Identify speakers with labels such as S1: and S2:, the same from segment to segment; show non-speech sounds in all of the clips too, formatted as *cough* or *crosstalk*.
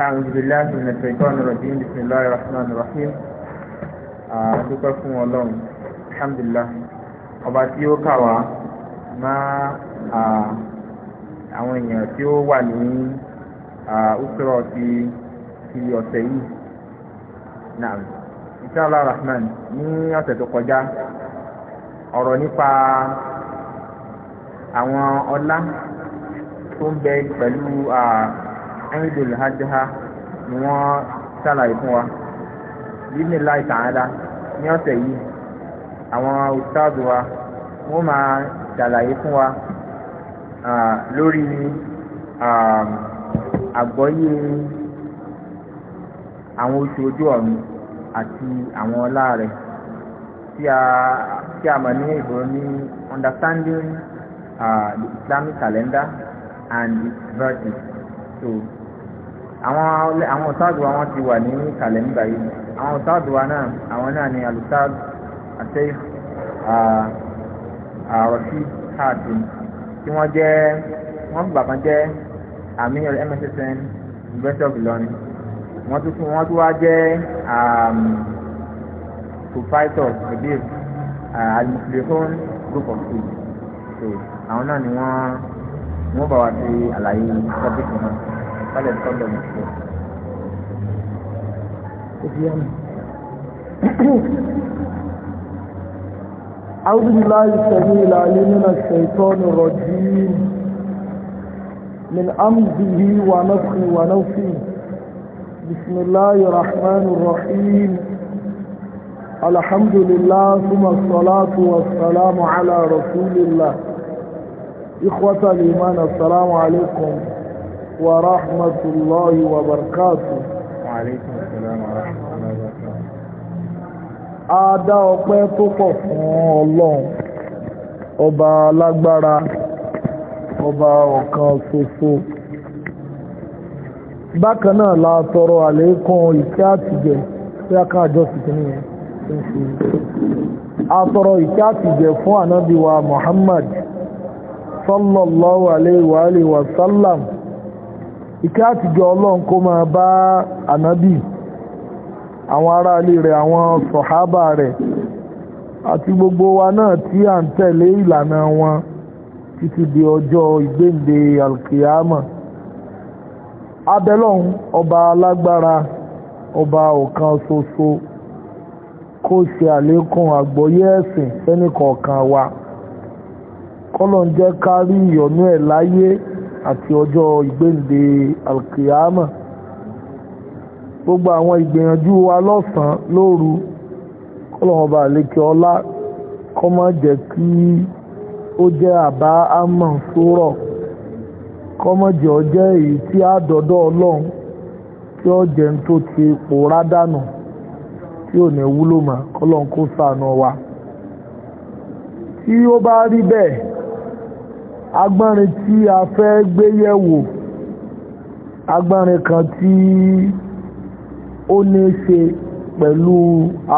S1: أعوذ بالله من الشيطان الرجيم بسم الله الرحمن الرحيم dúpẹ́ fún الحمد لله ọba tí ó kà wá má àwọn èèyàn tí ó wà ní ọ̀sọ̀rọ̀ ti ti ọ̀sẹ̀ yìí náà inshallah rahman ní ọ̀sẹ̀ tó kọjá ọ̀rọ̀ nípa àwọn ọlá tó ń bẹ pẹ̀lú Eidul Adha ni wọ́n ṣàlàyé fún wa bíbí láì tààdá ní ọ̀sẹ̀ yìí àwọn ustaz wa wọ́n máa ṣàlàyé fún wa lórí àgbọ́yé àwọn oṣù ojú ọ̀run àti àwọn ọlá rẹ̀ tí a mọ̀ ní ìbò ní understanding uh, the Islamic calendar and its verses, So, àwọn àwọn ọ̀táàdù wa wọ́n ti wà ní kàlẹ́ńdà yìí àwọn ọ̀táàdù wa náà àwọn náà ni alùtáàdù àti àròsí káàdì tí wọ́n jẹ́ wọ́n gbà kan jẹ́ amir mssn university of Ilorin wọ́n tún fún wọ́n tún wá jẹ́ proprietor ebir alimusilehon group of two, so àwọn náà ni wọ́n wọ́n bá wa ṣe àlàyé topic náà. على القلب المسلوق
S2: أعوذ بالله السميع العليم من الشيطان الرجيم من أمزه ونفخه ونوفه بسم الله الرحمن الرحيم الحمد لله ثم الصلاة والسلام على رسول الله إخوة الإيمان السلام عليكم ورحمة الله وبركاته وعليكم السلام ورحمة الله وبركاته Adá ọpẹ́ tó pọ̀ fún Ọlọ́run, ọba alágbára, ọba ọ̀kan ṣoṣo. Bákan náà la tọrọ àlékún ìkẹ́ àtìjẹ tí a káàjọ sì kí ní ṣe. A tọrọ ìkẹ́ àtìjẹ fún ànábì Muhammad sallallahu alaihi wa alihi wa ike àtijọ́ ọlọ́run kó máa bá ànábì àwọn aráalé rẹ̀ àwọn sọ̀hábà rẹ̀ àti gbogbo wa náà tí à ń tẹ̀lé ìlànà wọn títí di ọjọ́ ìgbéǹde alkiyama abẹ́lọ́hún ọba alágbára ọba ọ̀kan ṣoṣo kó ṣe àlékún ẹ̀sìn wa kọ́lọ̀ ń jẹ́ ká rí àti ọjọ́ ìgbéǹde alkiyama gbogbo àwọn ìgbìyànjú wa lọ́sàn-án lóru kọ́lọ̀ọba àlékè ọlá kọ́ má jẹ́ kí ó jẹ́ àbá àmọ̀ sórọ̀ kọ́ má jẹ́ ọ èyí tí a dọ́dọ́ ọlọ́run tí ó jẹ́ ti pòórá dànù tí ò wa tí ó agbọ́nrin tí a fẹ́ gbé yẹ̀wò agbọ́nrin kan tí ó ní ṣe pẹ̀lú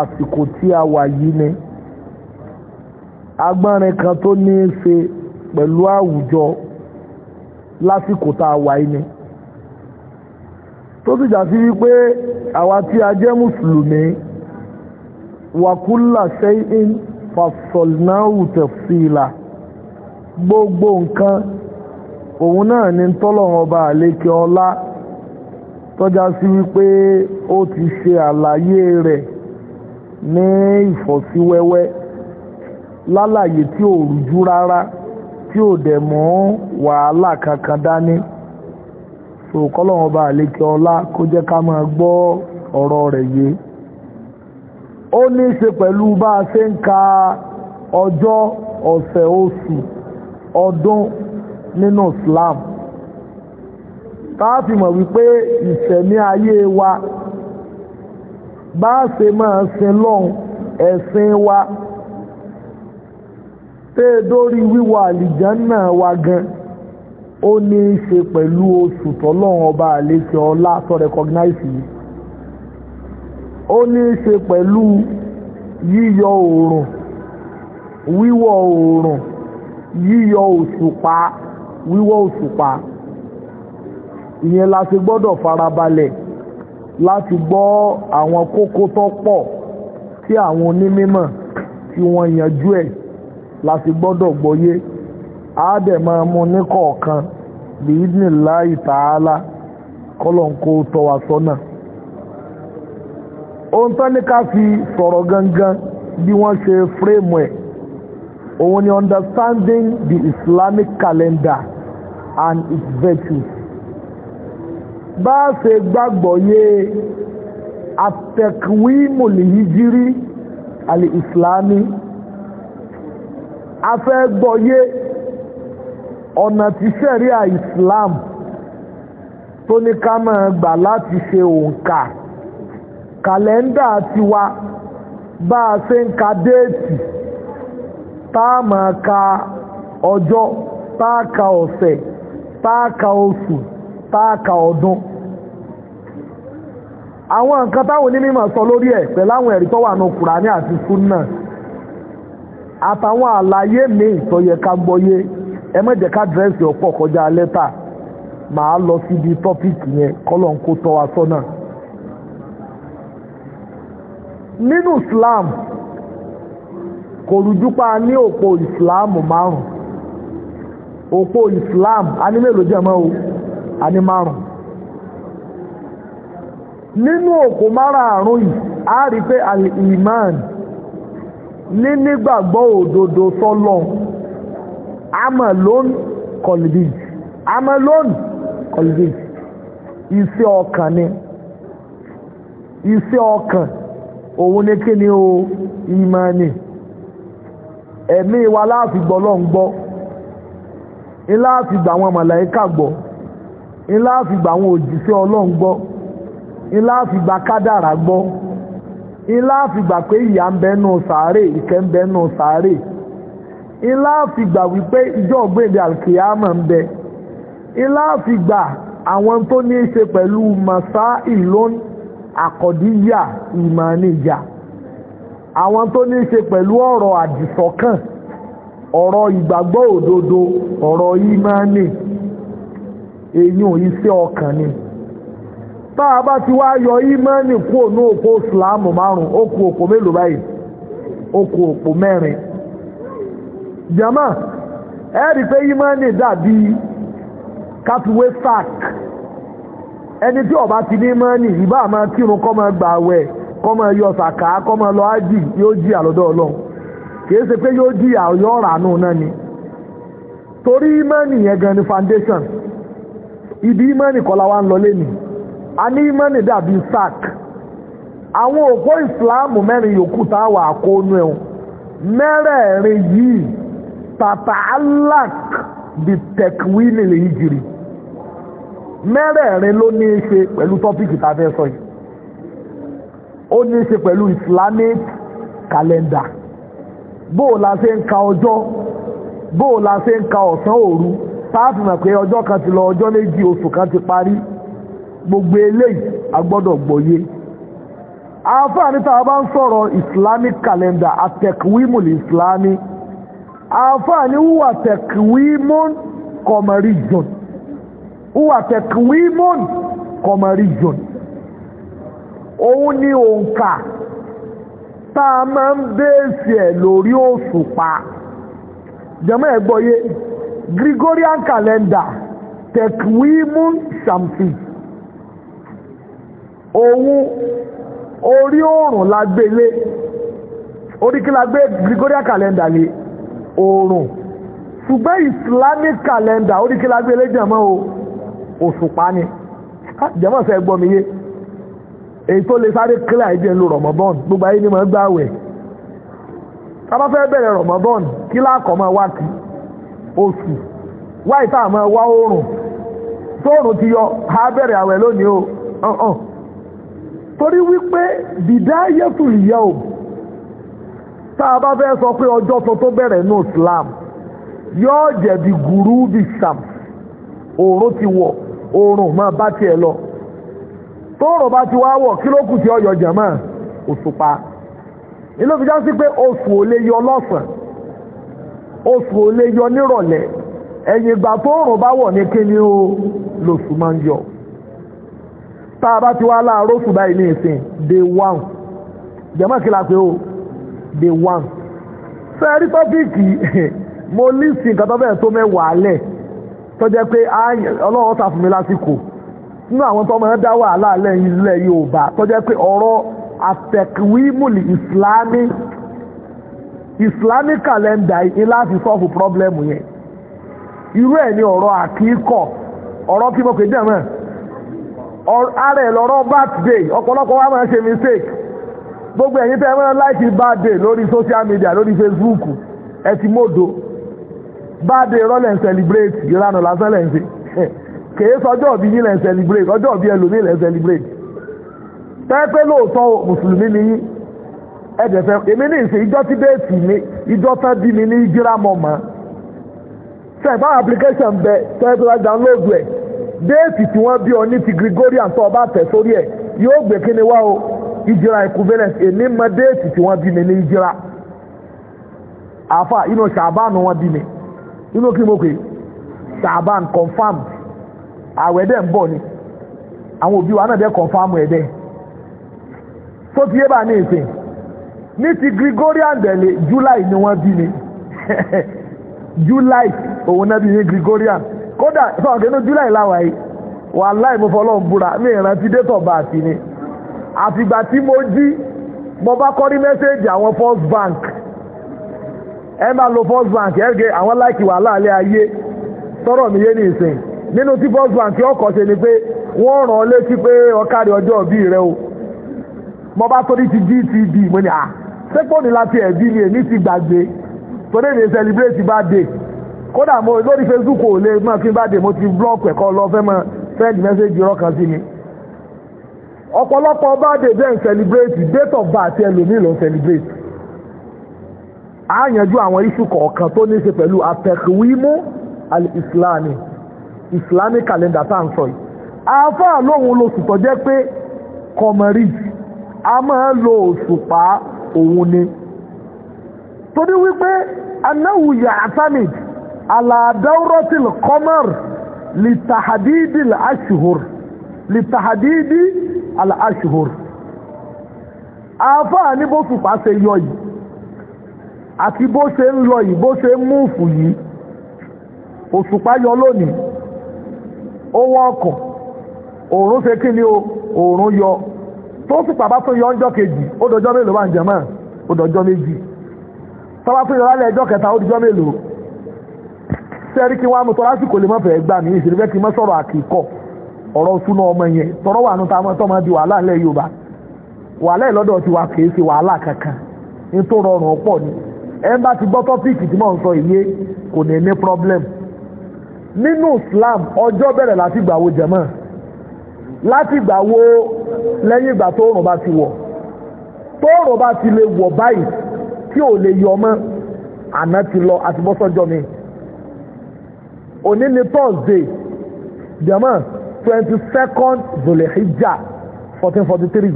S2: àsìkò tí a wà yìí ni agbọ́nrin kan tó ní ṣe pẹ̀lú àwùjọ lásìkò tá a wà yìí ni tó sì jà sí wípé àwa tí a jẹ́ mùsùlùmí wàkúlà ṣẹ́yìn fàṣọ̀lnáwù tẹ̀síìlà. gbogbo nkan òun náà ni tọ́lọ́run ọba àlékè ọlá tọ́já sí wípé ó ti ṣe àlàyé rẹ̀ ní ìfọ̀síwẹ́wẹ́ lálàyé tí ò rújú rárá tí ò dẹ̀ mọ́ wàhálà kankan dání so kọ́lọ́run ọba àlékè ọlá kó jẹ́ ká máa gbọ́ ọ̀rọ̀ rẹ̀ yé ó ní í ṣe pẹ̀lú bá a ṣe ń ka ọjọ́ ọ̀sẹ̀ oṣù ọdún nínú Islam táàfì mọ̀ wípé ìṣẹ̀mí ayé wa bá ṣe máa sin lọ́hùn ẹ̀sìn wa tẹ́ ẹ dórí wíwọ àlìjánná wa gan ó ní í ṣe pẹ̀lú oṣù tọ́lọ́hún ọba àlejò ọlá tó recognize yìí ó ní í ṣe pẹ̀lú yíyọ oòrùn wíwọ oòrùn yíyọ òṣùpá wíwọ̀ òṣùpá ìyẹn la ti gbọ́dọ̀ farabalẹ̀ láti gbọ́ àwọn kókó tó pọ̀ tí àwọn onímọ̀ tí wọ́n yanjú ẹ̀ la ti gbọ́dọ̀ gbọ́yé àádẹ́mọ̀ mú ní kọ̀ọ̀kan bíníláì tààlà kọ́lọ̀ǹkó tọ́ wa sọ́nà ohun tán ní ká fi sọ̀rọ̀ gangan bí wọ́n ṣe fúrémù ẹ̀ òun ni understanding the Islamic calendar and its virtues bá a ṣe gbàgbọ́ yé atẹ̀kùwímùlì hijiri al-Islami a fẹ́ gbọ́ yé ọ̀nà tí sẹ́ríà Islam tó ní ká máa gbà láti ṣe òǹkà kàlẹ́ndà tiwa bá a ṣe ń ka déètì táà máa ka ọjọ́ táà ka ọ̀sẹ̀ táà ka oṣù táà ka ọdún àwọn nǹkan táwọn onímọ̀ sọ lórí ẹ̀ pẹ̀lú àwọn ẹ̀rí tó wà ní Kùránì àti súnà àtàwọn àlàyé mi tó yẹ ká gbọ́yé ẹ má ká dírẹ́sì ọ̀pọ̀ kọjá lẹ́tà màá lọ síbi tọ́pìkì yẹn kọ́lọ̀ ń kó tọ́ wa sọ́nà nínú Islam kò ní òpó Islam márùn òpó ìsìláàmù a ní mélòó jẹ́ mọ́ o a ní márùn nínú òpó márààrún yìí a rí pé al ní nígbàgbọ́ òdòdó sọlọ amalon college, amalon kọlbíj isi ọkàn ni Isi ọkàn òun ni o Imani. ẹ̀mí wa láàfi gbọ́ lọ́n gbọ́ ńlá àfi gbà àwọn màláíkà gbọ́ ńlá àfi gbà àwọn òjíṣẹ́ ọlọ́n gbọ́ ńlá àfi gbà kádàrà gbọ́ ńlá àfi gbà pé ìyà ń bẹ nù sàárè ìkẹ́ ń bẹ nù sàárè ńlá àfi gbà wípé ìjọ ògbéǹde àlùkìyàmọ̀ ń bẹ ńlá àfi gbà àwọn tó ní í ṣe pẹ̀lú màsá ìlón àkọ́díyà ìmọ̀ níjà. àwọn tó ní í ṣe pẹ̀lú ọ̀rọ̀ àdìsọ́kàn ọ̀rọ̀ ìgbàgbọ́ òdodo ọ̀rọ̀ ìmánì èyàn iṣẹ́ ọkàn ni tá a bá ti wá yọ ìmánì kú ònú òpó ìsìláàmù márùn ó òpó mélòó báyìí ó òpó mẹ́rin jama ẹ rí pé ìmánì dàbí katuwe sack ẹni tí ó ti ní ìmánì ìbá máa kírun kọ́ máa gbà wẹ̀ kọ́mọ yọ sàkà kọ́mọ lọ ájì yóò jí àlọ́dọ̀ ọlọ́run kìí ṣe pé yóò jí àyọ́ náà ni torí yẹn gan foundation ibi ìmánì kọ́lá wa ń lọ lẹ́nu a ní ìmánì dàbí sack àwọn òpó ìsìláàmù mẹ́rin yòókù tá a alak di lè yí jìrì mẹ́rẹ̀ẹ̀rin ló ní í ṣe pẹ̀lú tọ́pìkì tá ó ní ṣe pẹ̀lú islamic calendar bóò la ṣe ń ka ọjọ́ bóò la ṣe ń ka ọ̀sán òru táàfì mọ̀ pé ọjọ́ kan ti lọ ọjọ́ méjì oṣù kan ti parí gbogbo eléyìí a gbọ́dọ̀ gbọ́yé àǹfààní tá a bá ń sọ̀rọ̀ islamic calendar atẹ̀kùwímùlì islami àǹfààní wúwà tẹ̀kùwímùn kọmọríjùn wúwà tẹ̀kùwímùn kọmọríjùn òun ni òǹkà tá a máa ń bèèsì ẹ̀ lórí òṣùpá jẹ́mọ́ ẹ̀ gbọ́yé Gregorian calendar tekwimun shamsi òun orí oòrùn la gbélé orí kí la gbé Gregorian calendar lé oòrùn ṣùgbọ́n Islamic calendar orí kí la gbélé jẹ́mọ́ o òṣùpá ni ah, jẹ́mọ́ sẹ́ gbọ́ mi yé èyí tó lè sáré kílà ìdí ẹ̀lú rọ̀mọ́bọ́n gbogbo ayé ní mọ̀ ń gbàwẹ̀ sábà fẹ́ bẹ̀rẹ̀ rọ̀mọ́bọ́n kílà àkọ́ máa wá kí oṣù wáyé tá a máa wá oòrùn tóòrùn ti yọ á bẹ̀rẹ̀ àwẹ̀ lónìí o ọ̀hún torí wípé bìdá yẹ́tù ìyá o tá a bá fẹ́ sọ pé ọjọ́ tó tó bẹ̀rẹ̀ ní Islam yóò jẹ̀bi gùrú bìsàm òòrùn ti wọ̀ oòrùn máa bá tiẹ̀ lọ tóòrò bá ti wá wọ̀ kí ló kù tí ọyọ jẹ̀mọ́ òṣùpá nílò fi já sí pé oṣù ò lè yọ lọ́sàn oṣù ò yọ nírọ̀lẹ́ ẹ̀yìn ìgbà tóòrò bá wọ̀ ní kíni o lòṣù máa ń yọ tá a bá ti wá láàárọ̀ oṣù báyìí ní ìsìn day one jẹ̀mọ́ kí la pé o day one fẹ́ẹ́rí tọ́pìkì *laughs* mo lísì nǹkan tó bẹ̀rẹ̀ tó mẹ́wàá lẹ̀ tó jẹ́ pé ọlọ́run sàfùnmi lásìkò. nínú àwọn tó máa dá wàhálà lẹ́yìn ilẹ̀ Yorùbá tó jẹ́ pé ọ̀rọ̀ àtẹ̀kùwímùlì ìsìlámì ìsìlámì kàlẹ́ndà yìí láti sọ́ọ̀fù pírọ́blẹ́mù yẹn irú ẹ̀ ní ọ̀rọ̀ àkíkọ̀ ọ̀rọ̀ kí mo pè jẹ́ mọ́ ara ẹ̀ lọ́rọ̀ birthday ọ̀pọ̀lọpọ̀ wa máa ṣe mistake gbogbo ẹ̀yin tẹ́ wọ́n láìsí lórí social media lórí Facebook ti mọ́dọ̀ rọ́lẹ̀ celebrate lásán lẹ́ǹsẹ̀ *laughs* kèé sọjọ́ ọ̀bí yín lẹ̀ ń celebrate ọjọ́ ọ̀bí ẹlòmíì lẹ̀ ń celebrate pẹ́ẹ́pẹ́ lóòótọ́ mùsùlùmí ni yín ẹ̀dẹ̀ fẹ́ èmi ní ìsìn ìjọ tí déètì mi ìjọ tán bí mi ní gírámọ̀ mọ́ sẹ́ẹ̀bá application bẹ pẹ́ẹ́pẹ́ wá download ẹ̀ déètì tí wọ́n bí ọ ní ti Gregorian tó ọba tẹ̀ sórí ẹ̀ yóò gbé kí ni wá o ìjìra equivalent èmi mọ déètì tí wọ́n bí mi ní ìjìra àfà inú ṣàbánu wọn bí mi inú kí mo pè ṣàbán confirmed àwẹ̀ dẹ̀ ń bọ̀ ni àwọn òbí wa náà dẹ̀ kọ̀nfàmù ẹ̀dẹ́ tó ti yé bá ní ìsìn ní ti Gregorian dẹ̀lẹ̀ July ni wọ́n bí ni *laughs* July òun náà bí ní Gregorian kódà sọ̀rọ̀ kẹ́nu July láwàá yìí wàláì mo fọlọ́ ń búra mi ìrántí dé tọ̀ bá a sí ni àfìgbà tí mo jí mo bá kọ́ ní mẹ́sẹ̀gì àwọn first bank ẹ máa lo first bank ẹ gé àwọn láìkì wàhálà alẹ́ ayé sọ̀rọ̀ mi yé ní ìsìn nínú tí first bank ọkọ̀ ṣe ni pé wọ́n rán létí pé ọkàrí ọjọ́ ìbí rẹ o mo bá torí ti gtb mo ní à sẹ́pọ̀ ní láti ẹ̀bí ni èmi ti gbàgbé torí èmi celebrate bá dé kódà mo lórí facebook ò lè mọ̀ kí n bá dé mo ti block ẹ̀kọ́ lọ fẹ́ mọ send message irọ́ kan sí mi ọ̀pọ̀lọpọ̀ bá dé bẹ́ẹ̀ celebrate date of birth ẹlòmíì ló celebrate àyànjú àwọn iṣu kọ̀ọ̀kan tó ní í ṣe pẹ̀lú àtẹ̀kùwímú al-islami islamic calendar tá à ń sọ yìí àáfàá lóhun lóṣù tó jẹ́ pé kọmọrìj a máa ń lo òṣùpá òun ni torí wípé anáwù ya'tamid ala dawratil qamar li tahadidi al-ashhur li tahadidi al-ashhur àáfàá ní bó ṣùpá ṣe yọ yìí àti bó ṣe ń lọ yìí bó ṣe ń múùfù yìí òṣùpá yọ lónìí ó ọkọ, ọkọ̀ òòrùn ni o òòrùn yọ tó sì pàbá yọ ọjọ́ kejì ó dọjọ́ mélòó wà ń jẹ̀mọ́ ó dọjọ́ méjì tọ́ba tún kẹta ó dọjọ́ mélòó sẹ́rí kí wọ́n á mú tọ́ lásìkò lè gbà mí ìṣèlú fẹ́ kí mọ́ sọ̀rọ̀ a di wàhálà ńlẹ̀ Yorùbá wàhálà ìlọ́dọ̀ ti wà kìí ṣe wàhálà kankan ní tó rọrùn ọ̀pọ̀ ni ẹ̀ ti gbọ́ tí mò ń sọ nínú Islam ọjọ́ bẹ̀rẹ̀ láti gbà wo jẹ̀mọ́ láti gbà wo lẹ́yìn ìgbà tóòrùn bá ti wọ̀ tóòrùn bá ti lè wọ̀ báyìí tí ò lè yọ mọ́ àná ti lọ àti bọ́sọ́jọ́ mi òní ni Thursday jẹ̀mọ́ twenty second Zulhijja fourteen forty three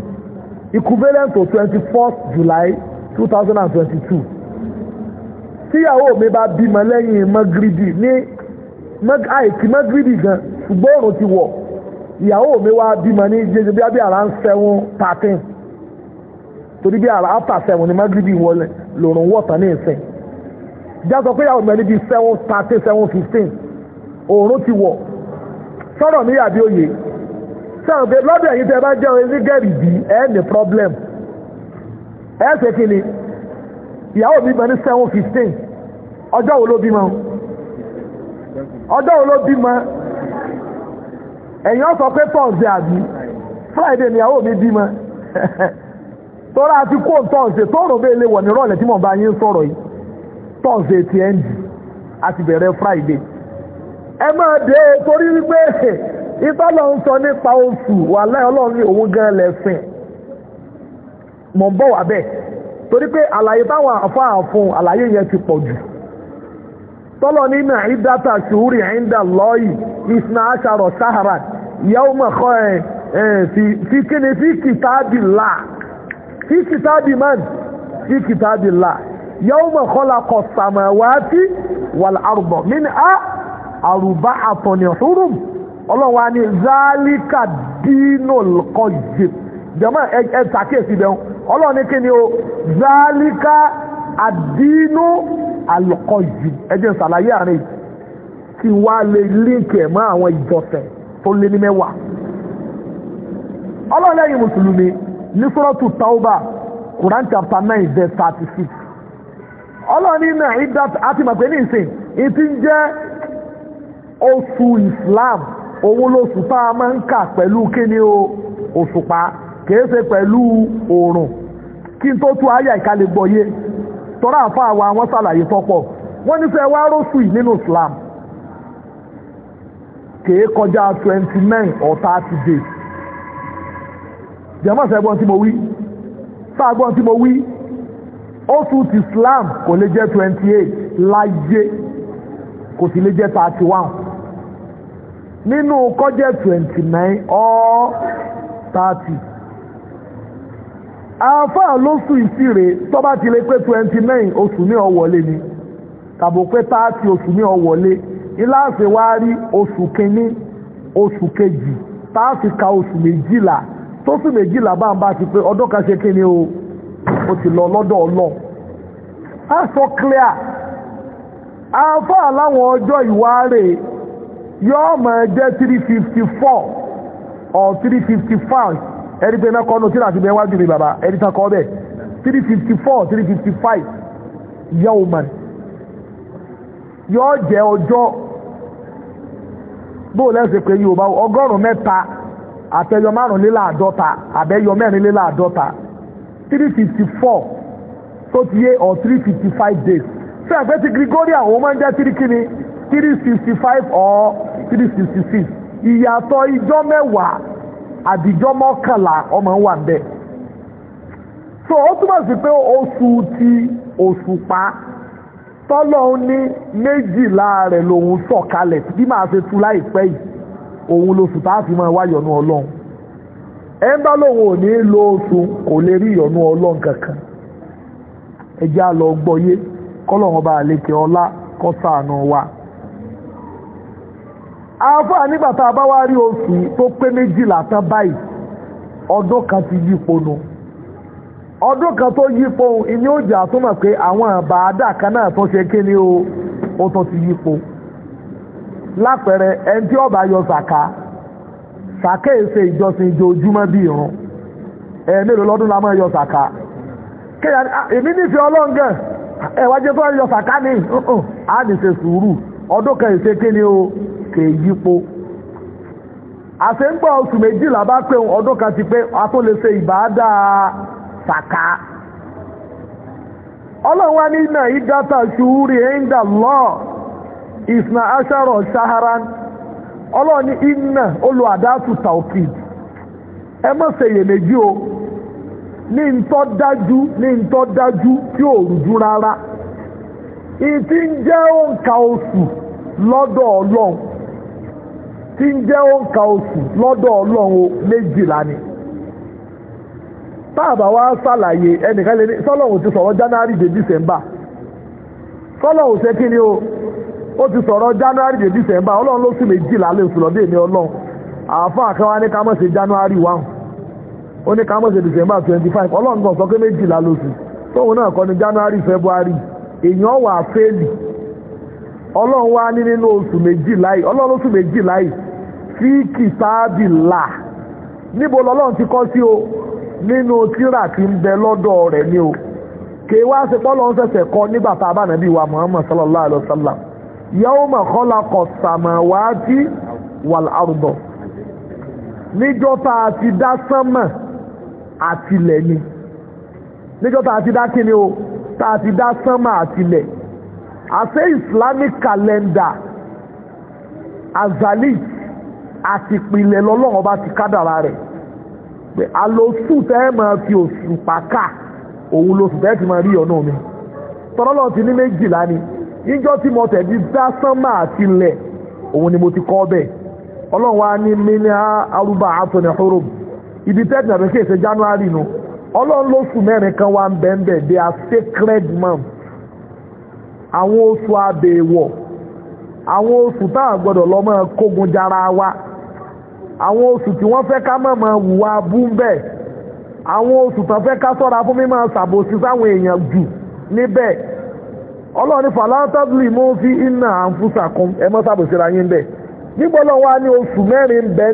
S2: equivalent to twenty fourth July two thousand and twenty two tíyàwó mi bá bímọ lẹ́yìn mọ́gírídì ní àìkí mẹ́gírìbì gan ṣùgbọ́n òòrùn ti wọ̀ ìyàwó mi wá bímọ ní jẹjẹ bí abíyàrá ń sẹ́wọ́n thirteen torí bí àrà after seven ni mẹ́gírìbì wọlé lòrùn wọ̀tàn ní ìsìn jásọ pé ìyàwó mi níbi seven thirteen seven fifteen òòrùn ti wọ̀ sọ̀rọ̀ mi yàbí òye sọ̀rọ̀ pé lọ́dọ̀ ẹ̀yin tẹ́ bá jẹ́ orí gẹ̀rì bí ẹ̀ ní problem ẹ̀ ṣe kí ni ìyàwó mi bẹ̀ ní seven fifteen ọjọ́ wo ló bímọ ọjọ́ wo ló bímọ ẹ̀yin ọ̀sọ̀ pé tọ́ǹsì àbí friday níyàwó mi bímọ tọ́ra àti kó tọ́ǹsì tọ́rọ̀ bẹ́ẹ̀ lè wọ̀ nírọ̀lẹ́ tí mo bá yín sọ̀rọ̀ yìí tọ́ǹsì ti ẹ̀ ń dì àti bẹ̀rẹ̀ friday ẹ máa dé torí wípé *laughs* ìtọ́lọ̀ ń sọ nípa oṣù wà láì ọlọ́run ní òun gan lẹ́sìn mọ̀ ń bọ̀ wà bẹ́ẹ̀ torí pé àlàyé táwọn àfáà fún àlàyé yẹn ti pọ̀ jù tọ́lọ̀ nínú ìdáta ṣùúrì ẹ̀ńdà lọ́ọ̀yì ìsìnà àṣàrọ̀ sahara ìyàwó mọ̀kọ́ ẹ̀ fi kíni fi kìtàbí là fi kìtàbí man fi kìtàbí là ìyàwó mọ̀kọ́ la kọ̀ sàmàwátì wàlà àrùbọ̀ mí ni a àrùbá àtọ̀nì ọ̀ṣúrùm ọlọ́wà ni zálíkà dínú kọjì jẹ́mọ́ ẹ ṣàkíyèsí bẹ́ẹ̀ ọlọ́ọ̀ni kí ni o zálíkà àdínú alqayyu ẹjẹ́ ṣàlàyé àárín tí wá lè líǹkì ẹ̀ mọ́ àwọn ìjọsẹ̀ tó lé ní mẹ́wàá ọlọ́lẹ́yìn mùsùlùmí ní sọ́rọ́tù tauba quran chapter nine verse thirty six ọlọ́ọ̀ni náà idat àti màgbé ní ìsìn ìtì ń islam òun lóṣù tá a máa ń kà pẹ̀lú kíni o òṣùpá kìí ṣe pẹ̀lú kí n tó tọ́ra àfa àwa àwọn sàlàyé tọ́pọ̀ wọ́n ní fẹ́ wá rọ́ṣù nínú Islam kèé kọjá twenty nine or thirty days jẹ́mọ́ sẹ́gbọ́n tí mo wí sáàgbọ́n tí mo wí oṣù ti Islam kò lè jẹ́ twenty eight láyé kò sì lè jẹ́ thirty one nínú kọjá twenty nine or thirty àáfàá lóṣù ìsire tọ́ba ti lè pé twenty nine oṣù ní ọ̀wọ́lé ni tàbí pé thirty oṣù ní ọ̀wọ́lé iláàfẹ́ wá rí oṣù kínní oṣù kejì táàfì ka oṣù méjìlá tóṣù méjìlá bá ń bá ti pé ọdún kan ṣe kínní o ó ti lọ lọ́dọ̀ ọlọ́ọ̀ á sọ clear àáfàá láwọn ọjọ́ ìwárè yọ́ọ́ mọ̀ ẹ́ jẹ́ three fifty four or three fifty five ẹ̀rí pé náà kọ́nù tíra àti mẹ́wájú mi bàbá ẹ̀rí tán kọ́ bẹ́ẹ̀ 354 355 yawman yóò jẹ́ ọjọ́ bóò lẹ́sẹ̀ pé yóò bá ọgọ́rùn-ún mẹ́ta àtẹyọ márùnléláàdọ́ta àbẹ́yọ mẹ́rinléláàdọ́ta 354 tó ti yé or 355 days ṣé àgbẹ̀ ti Gregorian òun máa ń jẹ́ tírí kíni 365 or 366 ìyàtọ̀ ìjọ́ mẹ́wàá àdìjọ́ mọ́kànlá ọmọ wà ń bẹ̀ so ó túmọ̀ sí pé oṣù ti òṣùpá tọ́lọ́hún ní méjìlá rẹ̀ lòun sọ̀kalẹ̀ bí máa ṣe tú láìpẹ́ yìí òun lóṣù tá a fi máa wá yọ̀nú ọlọ́run ẹ bá lòun ò ní lo oṣù kò lè rí ìyọ̀nú ọlọ́run kankan ẹ já lọ gbọ́yé kọ́lọ́run ọba àlekè ọlá kó ṣàánú wa. afọ nígbà tá a bá wá rí oṣù tó pé méjìlá báyìí ọdún ti yípo nu ọdún kan tó yípo ìní òjò àtúmọ̀ pé àwọn àbáadà kan náà tó ṣe kíni o ó tó ti yípo ẹni tí ọba yọ èsè ìjọsìn irun lọ́dún la máa yọ èmi ọlọ́ngàn tó yọ ni á nì ṣe sùúrù ọdún kè yípo àti ń gbọ́ oṣù méjìlá bá pé ọdún kan ti pé a tó lè ṣe ìbáadá sàká ọlọ́run wá ní náà ìdáta ṣúúrì ẹ̀ńdà lọ́ ìsìnà aṣọ́rọ̀ ṣaharan ọlọ́run ní iná olù àdásù ẹ mọ́ ṣe iyèméjì o ní ntọ́ dájú ní ntọ́ dájú tí ò rújú rárá ìtí ń jẹ́ òǹkà oṣù lọ́dọ̀ ọlọ́run tí ń jẹ́ òǹkà oṣù lọ́dọ̀ ọlọ́run méjìlá ni táàbà wá sàlàyé ẹnìkan lè ní sọ́lọ́hùn ti sọ̀rọ̀ january de december sọ́lọ́hùn ṣe o ti sọ̀rọ̀ january de december ọlọ́run ló sì méjìlá lè èmi ọlọ́run kan wá ní ká january december twenty five ọlọ́run kan sọ pé méjìlá tóun náà kọ́ ni january february èèyàn wà fẹ́ẹ̀lì ọlọ́run wá ní nínú oṣù méjìlá yìí ọlọ́run oṣù méjìlá yìí fi kìtàbì là níbo lọ́lọ́run ti kọ́ sí o nínú tírà tí ń bẹ lọ́dọ̀ rẹ̀ ni o kèé wá sí pọ́lọ́ ń ṣẹ̀ṣẹ̀ kọ́ nígbà tá a bá nàbí wa muhammad sallallahu alayhi wa sallam yawma khalaqa samawati wal ardo níjọ́ tá a ti dá sánmà àtìlẹ̀ ni níjọ́ tá a ti dá kíni o tá a ti dá sánmà àtìlẹ̀ àṣẹ islamic calendar azali àti ìpìlẹ̀ lọ́lọ́run bá ti kádàrà rẹ̀ pé alóṣù tẹ́ máa fi oṣù pàkà òun lóṣù tẹ́ ti máa rí ọ̀nà mi tọ́lọ́lọ́ ti ní méjìlá ni níjọ́ tí mo tẹ̀ bí dá sánmà ti ilẹ̀ òun ni mo ti kọ́ bẹ́ẹ̀ ọlọ́run wa ní mini arúgbó àtọ̀nì ọ̀rọ̀ ibi tẹ́tì àbẹ̀ kéèsè january nu ọlọ́run lóṣù mẹ́rin kan wá ń bẹ́ẹ̀ bẹ́ẹ̀ they are sacred month àwọn oṣù àbẹ̀wọ̀ àwọn oṣù táà gbọ́dọ̀ lọ kógun jára wa. àwọn oṣù tí wọ́n fẹ́ ká má ma wùwà bú bẹ́ẹ̀ àwọn oṣù tán fẹ́ ká sọ́ra fún mímọ́ ṣàbòsí sáwọn èèyàn jù níbẹ̀ ọlọ́run ní fàlátàbìlì mú fi iná àǹfùsàkún ẹ má ṣàbòsí ra yín lọ́wọ́ ní oṣù mẹ́rin ẹ̀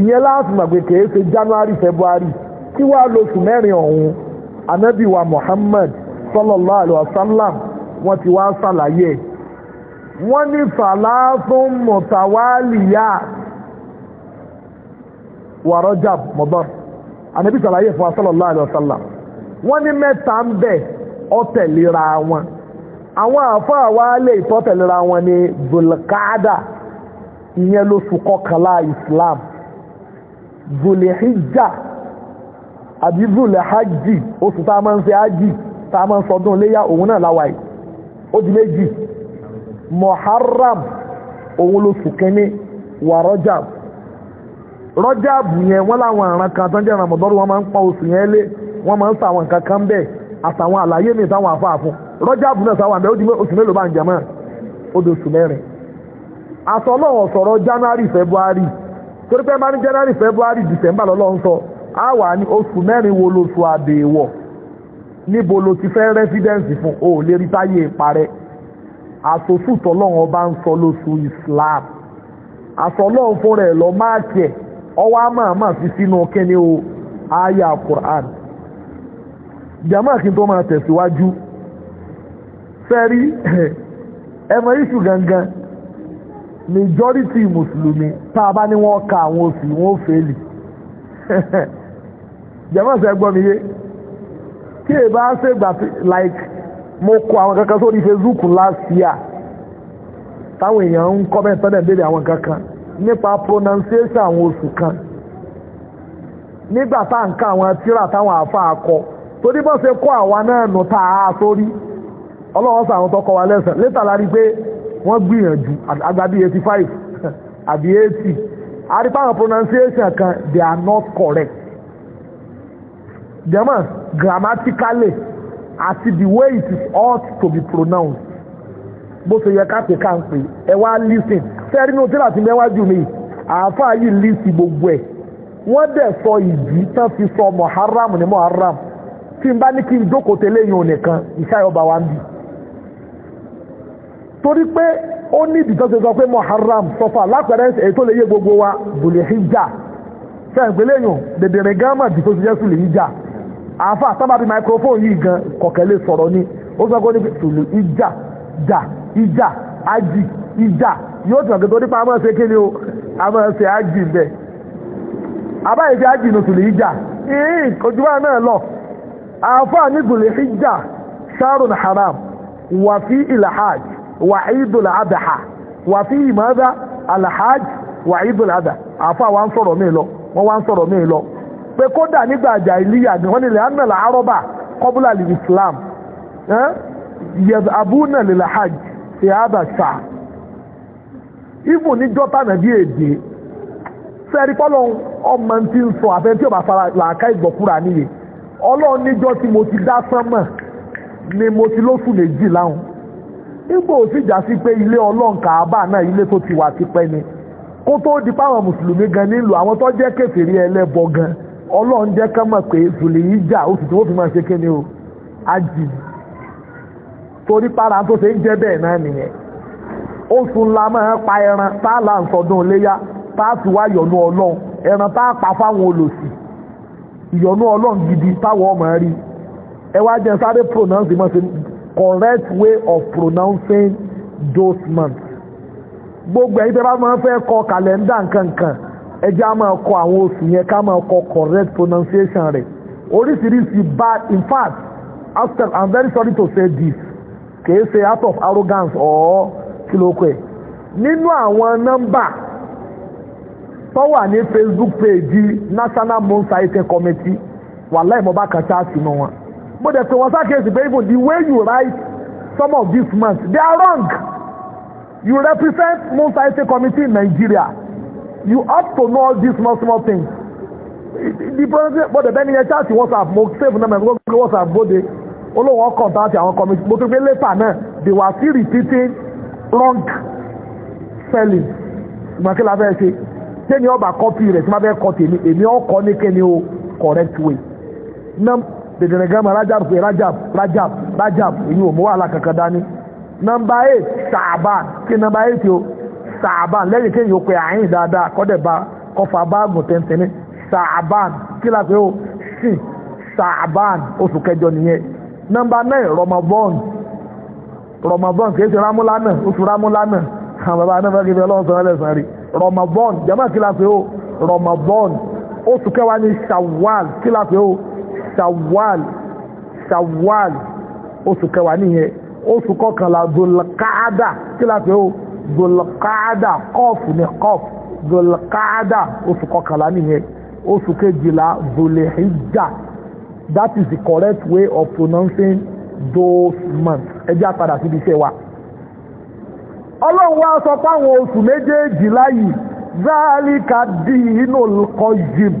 S2: ìyẹn láti mọ̀ pé kèé ṣe January February kí wàá mẹ́rin ọ̀hún sallallahu wa sallam wọ́n ti wá ṣàlàyé wọ́n wà Rajab Ramadan ànábì sàlàyé fún sallallahu alaihi wọ́n ní mẹ́ta ń bẹ̀ ọ̀tẹ̀lera wọn àwọn àfáà wa lè tọ́tẹ̀lera wọn ní zulkaada ìyẹn lóṣù kọkànlá Islam zulhijja àbí zulhajji oṣù tá a máa ń ṣe hajji tá a máa ń sọdún léyà òun náà láwàá ó di méjì muharram òun lóṣù kínní wà Rajab rọ́jàbù yẹn wọ́n láwọn àràn kan tó ń jẹ́ ramadan wọ́n máa ń pọ́n oṣù yẹn lé wọ́n máa ń sa nǹkan kan bẹ́ẹ̀ àtàwọn àlàyé mi táwọn àfa àfún rọ́jàbù náà sáwọn oṣù mélòó bá ń jẹ máa oṣù mẹ́rin sọ̀rọ̀ january february torí pé máa ní o lè rí táyé parẹ́ bá ń islam lọ ọwọ́ ma ama fi n'oke ni o àyà Quran jama kí n tó máa tẹ̀síwájú fẹ́rí *clears throat* ẹmọ isu gangan majority mùsùlùmí tá ba ni wọn wọ́n ka àwọn òsì wọ́n fèlì jama sẹ́ gbọ́ mi yé kí e bá ṣègbà like mo kọ àwọn kankan sórí Facebook last year táwọn èèyàn ń kọ́ mẹ́tọ́dẹ̀ béèrè àwọn kankan. nípa pronunciation àwọn oṣù kan nígbà tá à ń ka àwọn tírà táwọn àáfà akọ torí bọ́ ṣe kọ́ àwa náà nù tá a sórí ọlọ́wọ́ sọ àwọn tọkọ wa lẹ́sẹ̀ létà la rí pé wọ́n gbìyànjú àgbà bíi eighty five *laughs* àbí eighty àrípa pronunciation kan they are not correct german grammatically àti the way it is ought to be pronounced bó ṣe yẹ káàpì káàpì ẹ wá lísìn sẹ́rí ní òtẹ́lá ti mẹ́wájú mi àáfàá yìí lísìn gbogbo ẹ̀ wọ́n dẹ̀ sọ ìdí tán fi sọ Muharram ní Muharram tí n bá ní kí n jókòó tẹ́lẹ̀ yìí ò nìkan ìṣàyọ̀bà wa ń bì torí pé ó ní ìdí tán ṣe sọ pé Muharram sọfà lápẹ̀rẹ́ èyí tó lè yé gbogbo wa bùlẹ̀ hijja sẹ́yìn pé léyìn dèdèrè gánmà dì tó ṣe jẹ́ sùlẹ̀ hijja microphone yìí gan kọ̀kẹ́lẹ̀ sọ̀rọ̀ ni ó sọ jà ìjà àjì ìjà yóò tàn kìtò nípa àmọ́ ṣe kíni o àmọ́ ṣe àjì bẹ̀ àbáyé fi àjì nù tùlù ìjà ìhìn ojúmọ́ náà lọ àfáà ní tùlù ìjà sharon haram wà fi ilhaj wà ìdùl adha wà fi ìmọ̀dá alhaj wà àfáà wà ń lọ wọ́n wá ń lọ pé kódà nígbà àjà wọ́n nílẹ̀ yadhabuna lil hajj fi hadha shahr ibù na tànàbí èdè seri pọ́lọ́ ọmọ tí ń so àfẹ́ ti o ba fara làákà ìgbọ̀kúra níye ọlọ́run níjọ́ ti mo ti dá sánmọ̀ ni mo ti lóṣù méjì láhùn ibò sì já pe ile ilé ọlọ́run kàábà ile to ti ni kó tó di páwọn mùsùlùmí gan nílò àwọn tó gan o torí para tó ṣe ń jẹ́ bẹ́ẹ̀ náà nìyẹn oṣù ńlá máa pa ẹran tá à là ń sọdún léyà tá a sì wá yọ̀nú ọlọ́run ẹran tá a pa fáwọn olòṣì ìyọ̀nú ọlọ́run gidi táwọn ọmọ rí ẹ wá jẹ́ sáré pronounce mọ̀ sí correct way of pronouncing those months gbogbo ẹ̀yin tẹ́ bá máa fẹ́ kọ kalenda nkankan ẹ jẹ́ á máa kọ àwọn oṣù yẹn ká máa kọ correct pronunciation rẹ̀ oríṣiríṣi bad in fact I'm very sorry to say this kìí ṣe out of arrogance or kí ló kọ ẹ̀ nínú àwọn nọ́mbà tó wà ní facebook page national moon sighting committee wàláì mo bá kan ṣáàtì mọ́ wọn mo dẹ̀ pé wọ́n ṣàkíyèsí pé even the way you write some of these months they are wrong you represent moon sighting committee in Nigeria you ought to know all these small small things the president bọ́dẹ̀ bẹ́ẹ̀ ni ẹ ṣáàtì whatsapp mo save number ẹ̀ gbọ́dọ̀ whatsapp bóde. olóhùn ọkàn tó àti àwọn committee mo tún gbé lẹ́tà náà they were still repeating wrong spelling ìgbà fẹ́ ṣe tẹ́ni ọba kọ́pì rẹ̀ tí wọ́n fẹ́ kọ́ tèmi èmi ọkọ̀ ní kẹ́ni o correct way nam dèdèrè gama rajab pé rajab rajab rajab èyí ò mú wàhálà kankan dání nọmba eight sa'aban kí nọmba eight o sa'aban lẹ́yìn kéyìn ó pe àyìn dáadáa kọfà kí nọ́mbà nine Ramadan Ramadan kìí ṣe rámúlánà oṣù rámúlánà àwọn bàbá náà fẹ́ kí fi ọlọ́run sọ̀rọ̀ lẹ́sàn rí Ramadan jẹ́mọ́ kí la pè ó Ramadan oṣù kẹwàá ní Shawwal kí la pè ó Shawwal Shawwal oṣù kẹwàá nìyẹn oṣù kọkànlá zolkaada kí la pè ó zolkaada kọf ní kọf zolkaada oṣù kọkànlá nìyẹn oṣù kejìlá zolihijja that is the correct way of pronouncing those months ẹjẹ́ àpadà síbi iṣẹ́ wa ọlọ́run wá sọ fáwọn oṣù méjèèjì láyì zálíkà dì inú olùkọ́ jim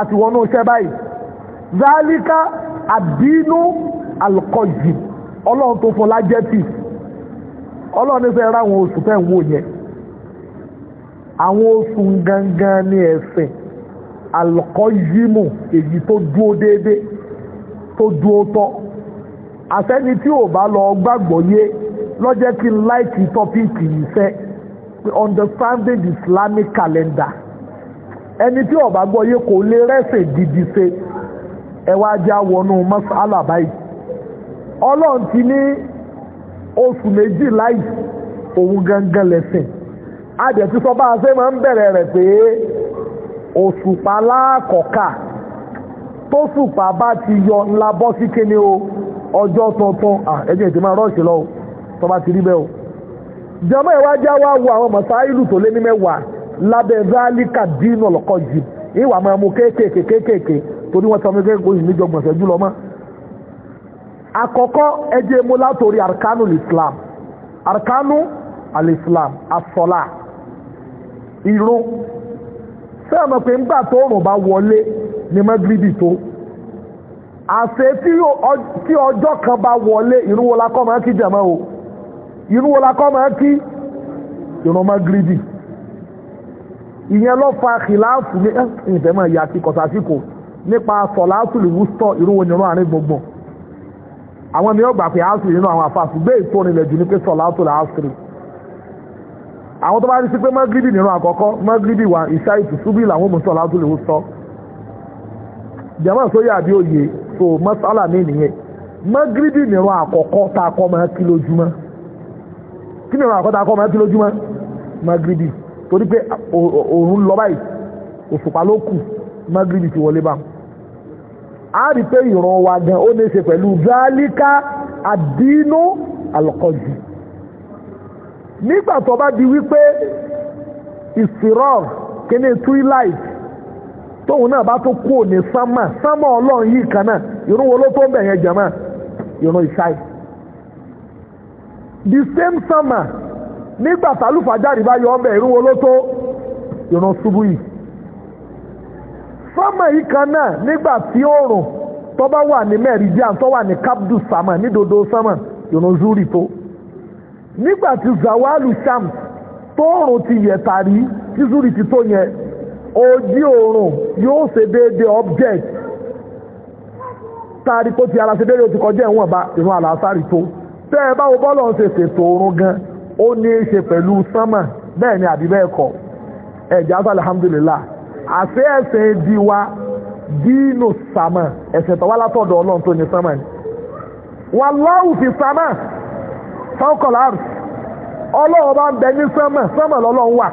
S2: àti wọnú iṣẹ́ báyìí zálíkà àdínú alùkọ́ jim ọlọ́run tó fún lájẹ́tì ọlọ́run ní fẹ́ ráwọn oṣù fẹ́ wò yẹn àwọn oṣù gangan ní ẹ̀sìn alùkọ́ jimu èyí tó dúó déédéé tó dúó ọtọ àsẹ́ni tí ò bá lọ gbàgbọ́ yé lọ́jẹ́ kí n láìkì tọ́pìkì yìí fẹ́ understanding Islamic calendar ẹni tí ò bá gbọ́ yé kò lè rẹ́sẹ̀ gidi ṣe ẹ wá jẹ́ àwọnú masala báyìí ọlọ́run ti ní oṣù méjì láì òun gangan lẹ́sìn adẹ̀tí sọ bá a ṣe máa ń bẹ̀rẹ̀ rẹ̀ pé òṣùpá láàkọ̀ọ́kà tó sùpà bá ti yọ ńlá bọ́ sí kéne o ọjọ́ tuntun ẹ̀jẹ̀ ìtì máa rọ́ọ̀ṣì lọ tó bá ti rí bẹ́ẹ̀ o jọmọ́ ìwájá wá wo àwọn mọ̀sáìlù tó lé ní mẹ́wàá lábẹ́ zálíkà dínú ọ̀lọ́kọ́ jù ìwà máa mú kéékèèké kéékèèké torí wọ́n sọ fún kéékèèké òyìn níjọgbọ̀n ṣẹ́jú lọ mọ́ àkọ́kọ́ ẹjẹ́ mo látòrí arkanu islam arkanu alislam asọ́lá irun sẹ́wọ̀n pé ńgbà tó rùn bá wọlé ní magribi tó àṣẹ tí ọjọ́ kan bá wọlé ìrúwó lakọ́ máa kí jàmá o ìrúwó lakọ́ máa kí ìrún magribi ìyẹn lọ fa kìláàfù ní ìfẹ́ máa yà sí kọ̀sásíkò nípa sọ̀láàtù lè wústọ̀ ìrúwó nínú àárín gbogbo àwọn mi ò gbà pé áàsìrì nínú àwọn àfàṣù gbé ètò nílẹ̀ jù ní pé sọ̀láàtù lè áàsìrì àwọn tó bá rí sí pé magribi nínú àkọ́kọ́ magribi wà ìṣáìtù súbí làwọn mú lè wústọ̀ jama sóyè àbí òye so mọ́sálà mi nìyẹn mọ́gíríbì nìran àkọ́kọ́ tá a kọ́ máa kí lójúmọ́ kí nìran àkọ́kọ́ tá a kọ́ máa kí lójúmọ́ mọ́gíríbì torí pé òòrùn lọ báyìí òṣùpá ló kù mọ́gíríbì ti wọlé bá a rí pé ìran wa gan ó ní í ṣe pẹ̀lú zálíkà àdínú àlọ́kọ́jù nígbà tó bá di wípé ìsirọ́ọ̀ kí ni twilight tóun náà bá tó kú òní sánmà sánmà ọlọ́run yìí kan náà ìrún wo ló tó ń bẹ̀ yẹn jẹ̀mọ́ the same sánmà nígbà tálùfàjárì bá yọ ọbẹ̀ ìrún wo ló tó ìrún ṣubú yìí sánmà yìí kan náà nígbà tí wà ní tó wà zawalu tóòrùn ti yẹ̀ tàrí tí ojí oòrùn yóò ṣe déédéé object táàrí tó ti ara ṣe déédéé ti kọjá ìwọ̀n bá ìrún àlàáfáàrí tó tẹ́ ẹ báwo bọ́ọ̀lù ń ṣe ṣètò gan ó ní í ṣe pẹ̀lú sánmà bẹ́ẹ̀ ni àbí bẹ́ẹ̀ kọ. ẹ̀jẹ̀ asa alhamdulillah àṣẹ ẹ̀sìn di wa dínú sánmà ẹ̀sìn tọ́wá látọ̀dọ̀ ọlọ́run tó ní sánmà ni fi sánmà fọ́kọ̀lá ọlọ́run bá ń bẹ ní sánmà sánmà lọ́lọ́run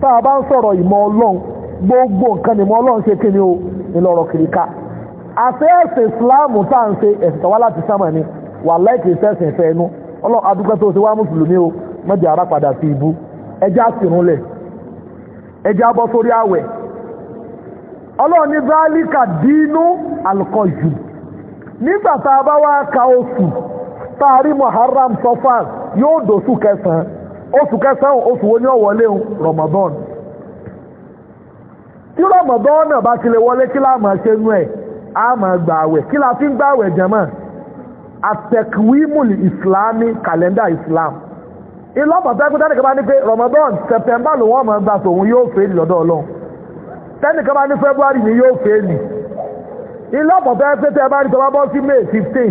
S2: tá a bá ń sọ̀rọ̀ ìmọ̀ ọlọ́run gbogbo nǹkan ìmọ̀ ọlọ́run ṣe kíni o ìlọ̀rọ̀ kìríkà àti ẹ̀sìn islam tá à ń ṣe ẹ̀sìn tàwa láti sámà ni wà láìkè sẹ́sìn ìfẹ́ inú ọlọ́run adúgbò tó ṣe wá mùsùlùmí o mọ́jà ara padà sí ibú ẹjá sìrúnlẹ̀ ẹjá bọ́ sórí àwẹ̀ ọlọ́run ní báálíkà dínú alkọ̀jù nígbà tá a bá wá ka oṣù tá a rí muharram sọfàn yóò dòṣù kẹsàn-án otu kẹsàn-án oṣù wo ni ó Ramadan tí Ramadan náà bá ti wọlé kí láà máa ṣe nú ẹ̀ á máa gbà àwẹ̀ kí la fi ń gbà àwẹ̀ jẹ́mọ̀ àtẹ̀kùwímùlì ìsìlámì kàlẹ́ndà ìsìlám ilé ọ̀pọ̀ tẹ́nìkan bá ní pé Ramadan September ló wọ́n máa tòun yóò fẹ́ lọ́dọ̀ Ọlọ́run tẹ́nìkan bá ní February ni yóò fẹ́ nì ilé ọ̀pọ̀ tó ẹgbẹ́ bá ní tọ́wọ́ sí May fifteen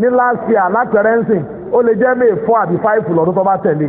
S2: ní last year lápẹ̀rẹ́nsìn ó lè jẹ́ May four àbí five lọ́dún tó bá tẹ̀lé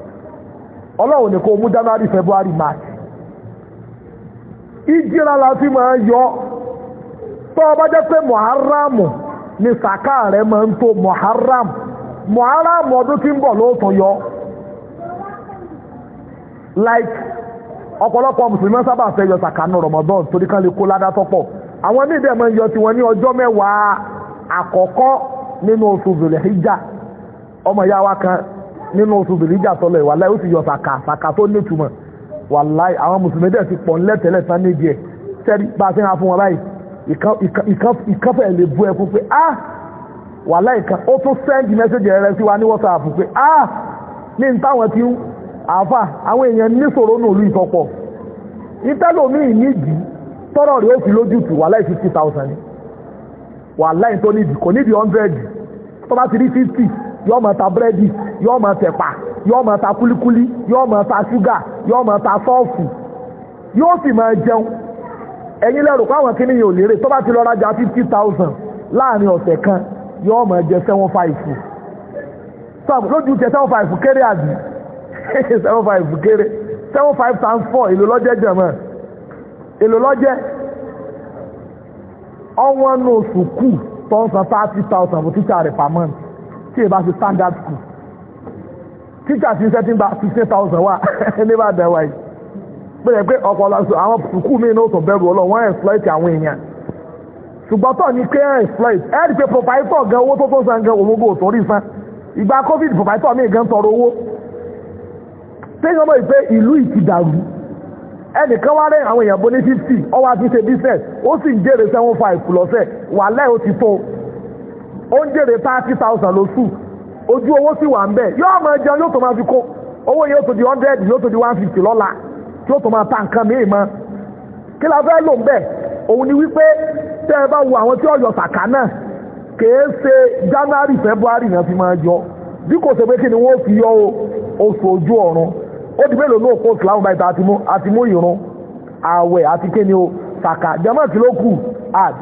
S2: ọlọ́run ní kó mú january february march ìjìra la máa yọ tó ọba bá jẹ́ pé muharram ni Saka rẹ̀ máa ń tó muharram muharram ọdún tí ń bọ̀ ló yọ like ọ̀pọ̀lọpọ̀ mùsùlùmí sábà fẹ́ yọ Saka ní ramadan torí kan lè kó ládàá àwọn ní máa yọ tiwọn ní ọjọ́ mẹ́wàá àkọ́kọ́ nínú nínú oṣù bìlíjà tọ́lọ̀ ìwà láì ó sì yọ sàkà sàkà tó nítumọ̀ wàláì àwọn mùsùlùmí dẹ̀ ti pọ̀ ńlẹ́tẹ̀lẹ̀ sán níbi ẹ̀ sẹ́rí bá a ti ra fún wọn báyìí ìkánfẹ̀ lè bú ẹkún pé ah wàláì kan ó tún sẹ́ndì mẹ́sẹ̀jì rẹ sí wa ní wọ́sàpù pé ah ní táwọn ti ń àáfà àwọn èèyàn níṣòro ní òlú ìsọpọ̀ ìtẹ́lòmíì nídìí tọ́rọ̀ rẹ̀ ó fi lójútù wàláì fifty thousand wàláì tó nídìí kò nídìí hundred tó bá ti rí fifty yóò máa ta búrẹ́dì yóò máa tẹ̀pà yóò máa ta kúlíkúlí yóò máa ta ṣúgà yóò máa ta sọ́ọ̀fù yóò sì máa jẹun ẹ̀yin lẹ́rù pé àwọn kìnìyàn ò lérè tó bá ti lọ rajà fifty thousand láàrin ọ̀sẹ̀ kan yóò máa jẹ seven five sọ́ọ̀bù lójú tẹ seven five kéré àbí *laughs* seven five kéré seven five times four èlò lọ́jẹ́ jẹ̀mọ́ èlò lọ́jẹ́ ọ̀wọ́n nù sùkúù tó ń san thirty thousand for teacher rẹ̀ per month tí ìbá ṣe standard school tíjà ti ń sẹ́tí ń gba fifteen thousand wà *laughs* ní bá dẹ̀ wáyé bẹ́ẹ̀ pé ọ̀pọ̀ àwọn sùkúù míì náà tó bẹ̀rù ọlọ́ wọ́n exploit àwọn èèyàn ṣùgbọ́n tó ní pé exploit ẹ̀ rí pé proprietor gan owó tó tó san gan òun gbòòtò rí san ìgbà covid proprietor míì gan tọrọ owó téèyàn mọ̀ pé ìlú yìí ti dàrú wá rẹ̀ àwọn èèyàn bó ní fifty ọwọ́ àti ṣe business ó sì ń jèrè seven five lọ́sẹ̀ wàhálà ó ti tó ó ń jèrè thirty thousand lóṣù ojú owó sì wà ń bẹ̀ yóò máa jẹun yóò tó máa fi kó owó yóò tó di hundred yóò tó di one fifty lọ́la tí ó tó máa ta nǹkan míì mọ́ kí la fẹ́ lò ń bẹ̀ òun ni wípé tẹ́ ẹ bá wo àwọn tí ọ̀yọ̀ sàkà náà kèé ṣe january february náà fi máa yọ bí kò ṣe pé kí ni wọ́n fi yọ oṣù ojú ọ̀run ó di mélòó náà kó ìsìlámù báyìí àti mú ìrun ààwẹ̀ àti kí ni o sàkà jẹ́mọ̀ kí ló kù àdì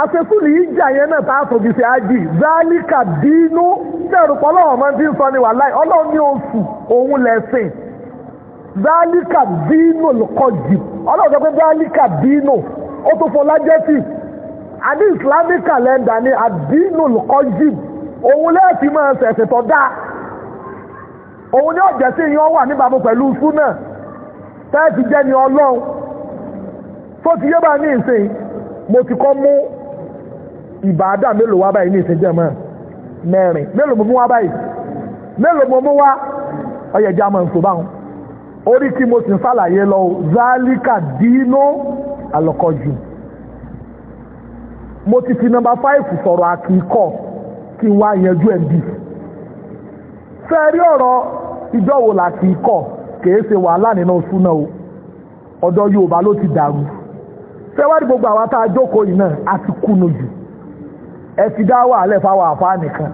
S2: àṣekúlù ìjà yẹn náà tá a fògì sí ájì zálíkà tẹ̀rùpọ̀ ọlọ́run máa ń sọ ni wàláì ọlọ́run ní oṣù òun lẹ́sìn zálíkà dínú lọ́kọ̀ jù ọlọ́run sọ pé zálíkà ó islamic calendar ni àdínú lọ́kọ̀ jù òun lẹ́ẹ̀sì máa ṣẹ̀ṣẹ̀ tó dáa òun ní ọ̀jẹ̀ sí wà níbàámu pẹ̀lú súnà tẹ́ẹ̀sì jẹ́ ni ọlọ́run tó ti yé bá ní ìsìn ti ìbàdà mélòó wá báyìí ní ìsìnjẹ́ mọ́ mẹ́rin mélòó mo mú wá báyìí mélòó mo mú wá ọyẹ jẹ́ àmọ́ nsọ́ báwọn orí tí mo sì ń sàlàyé lọ zálíkà dínú àlọ́kọ́jù mo ti fi nọmba fáìfù sọ̀rọ̀ àkìkọ́ kí n wá yanjú ẹ̀ bí fẹ́ẹ́rí ọ̀rọ̀ ìjọ́wò làkìkọ́ kìí ṣe wàhálà nínú súná o ọ̀dọ̀ Yorùbá ló ti dàrú fẹ́wárí gbogbo àwọn tá a jókòó yìí náà a ti jù ẹ fi dá wà lẹ̀ fáwọn àfáà nìkan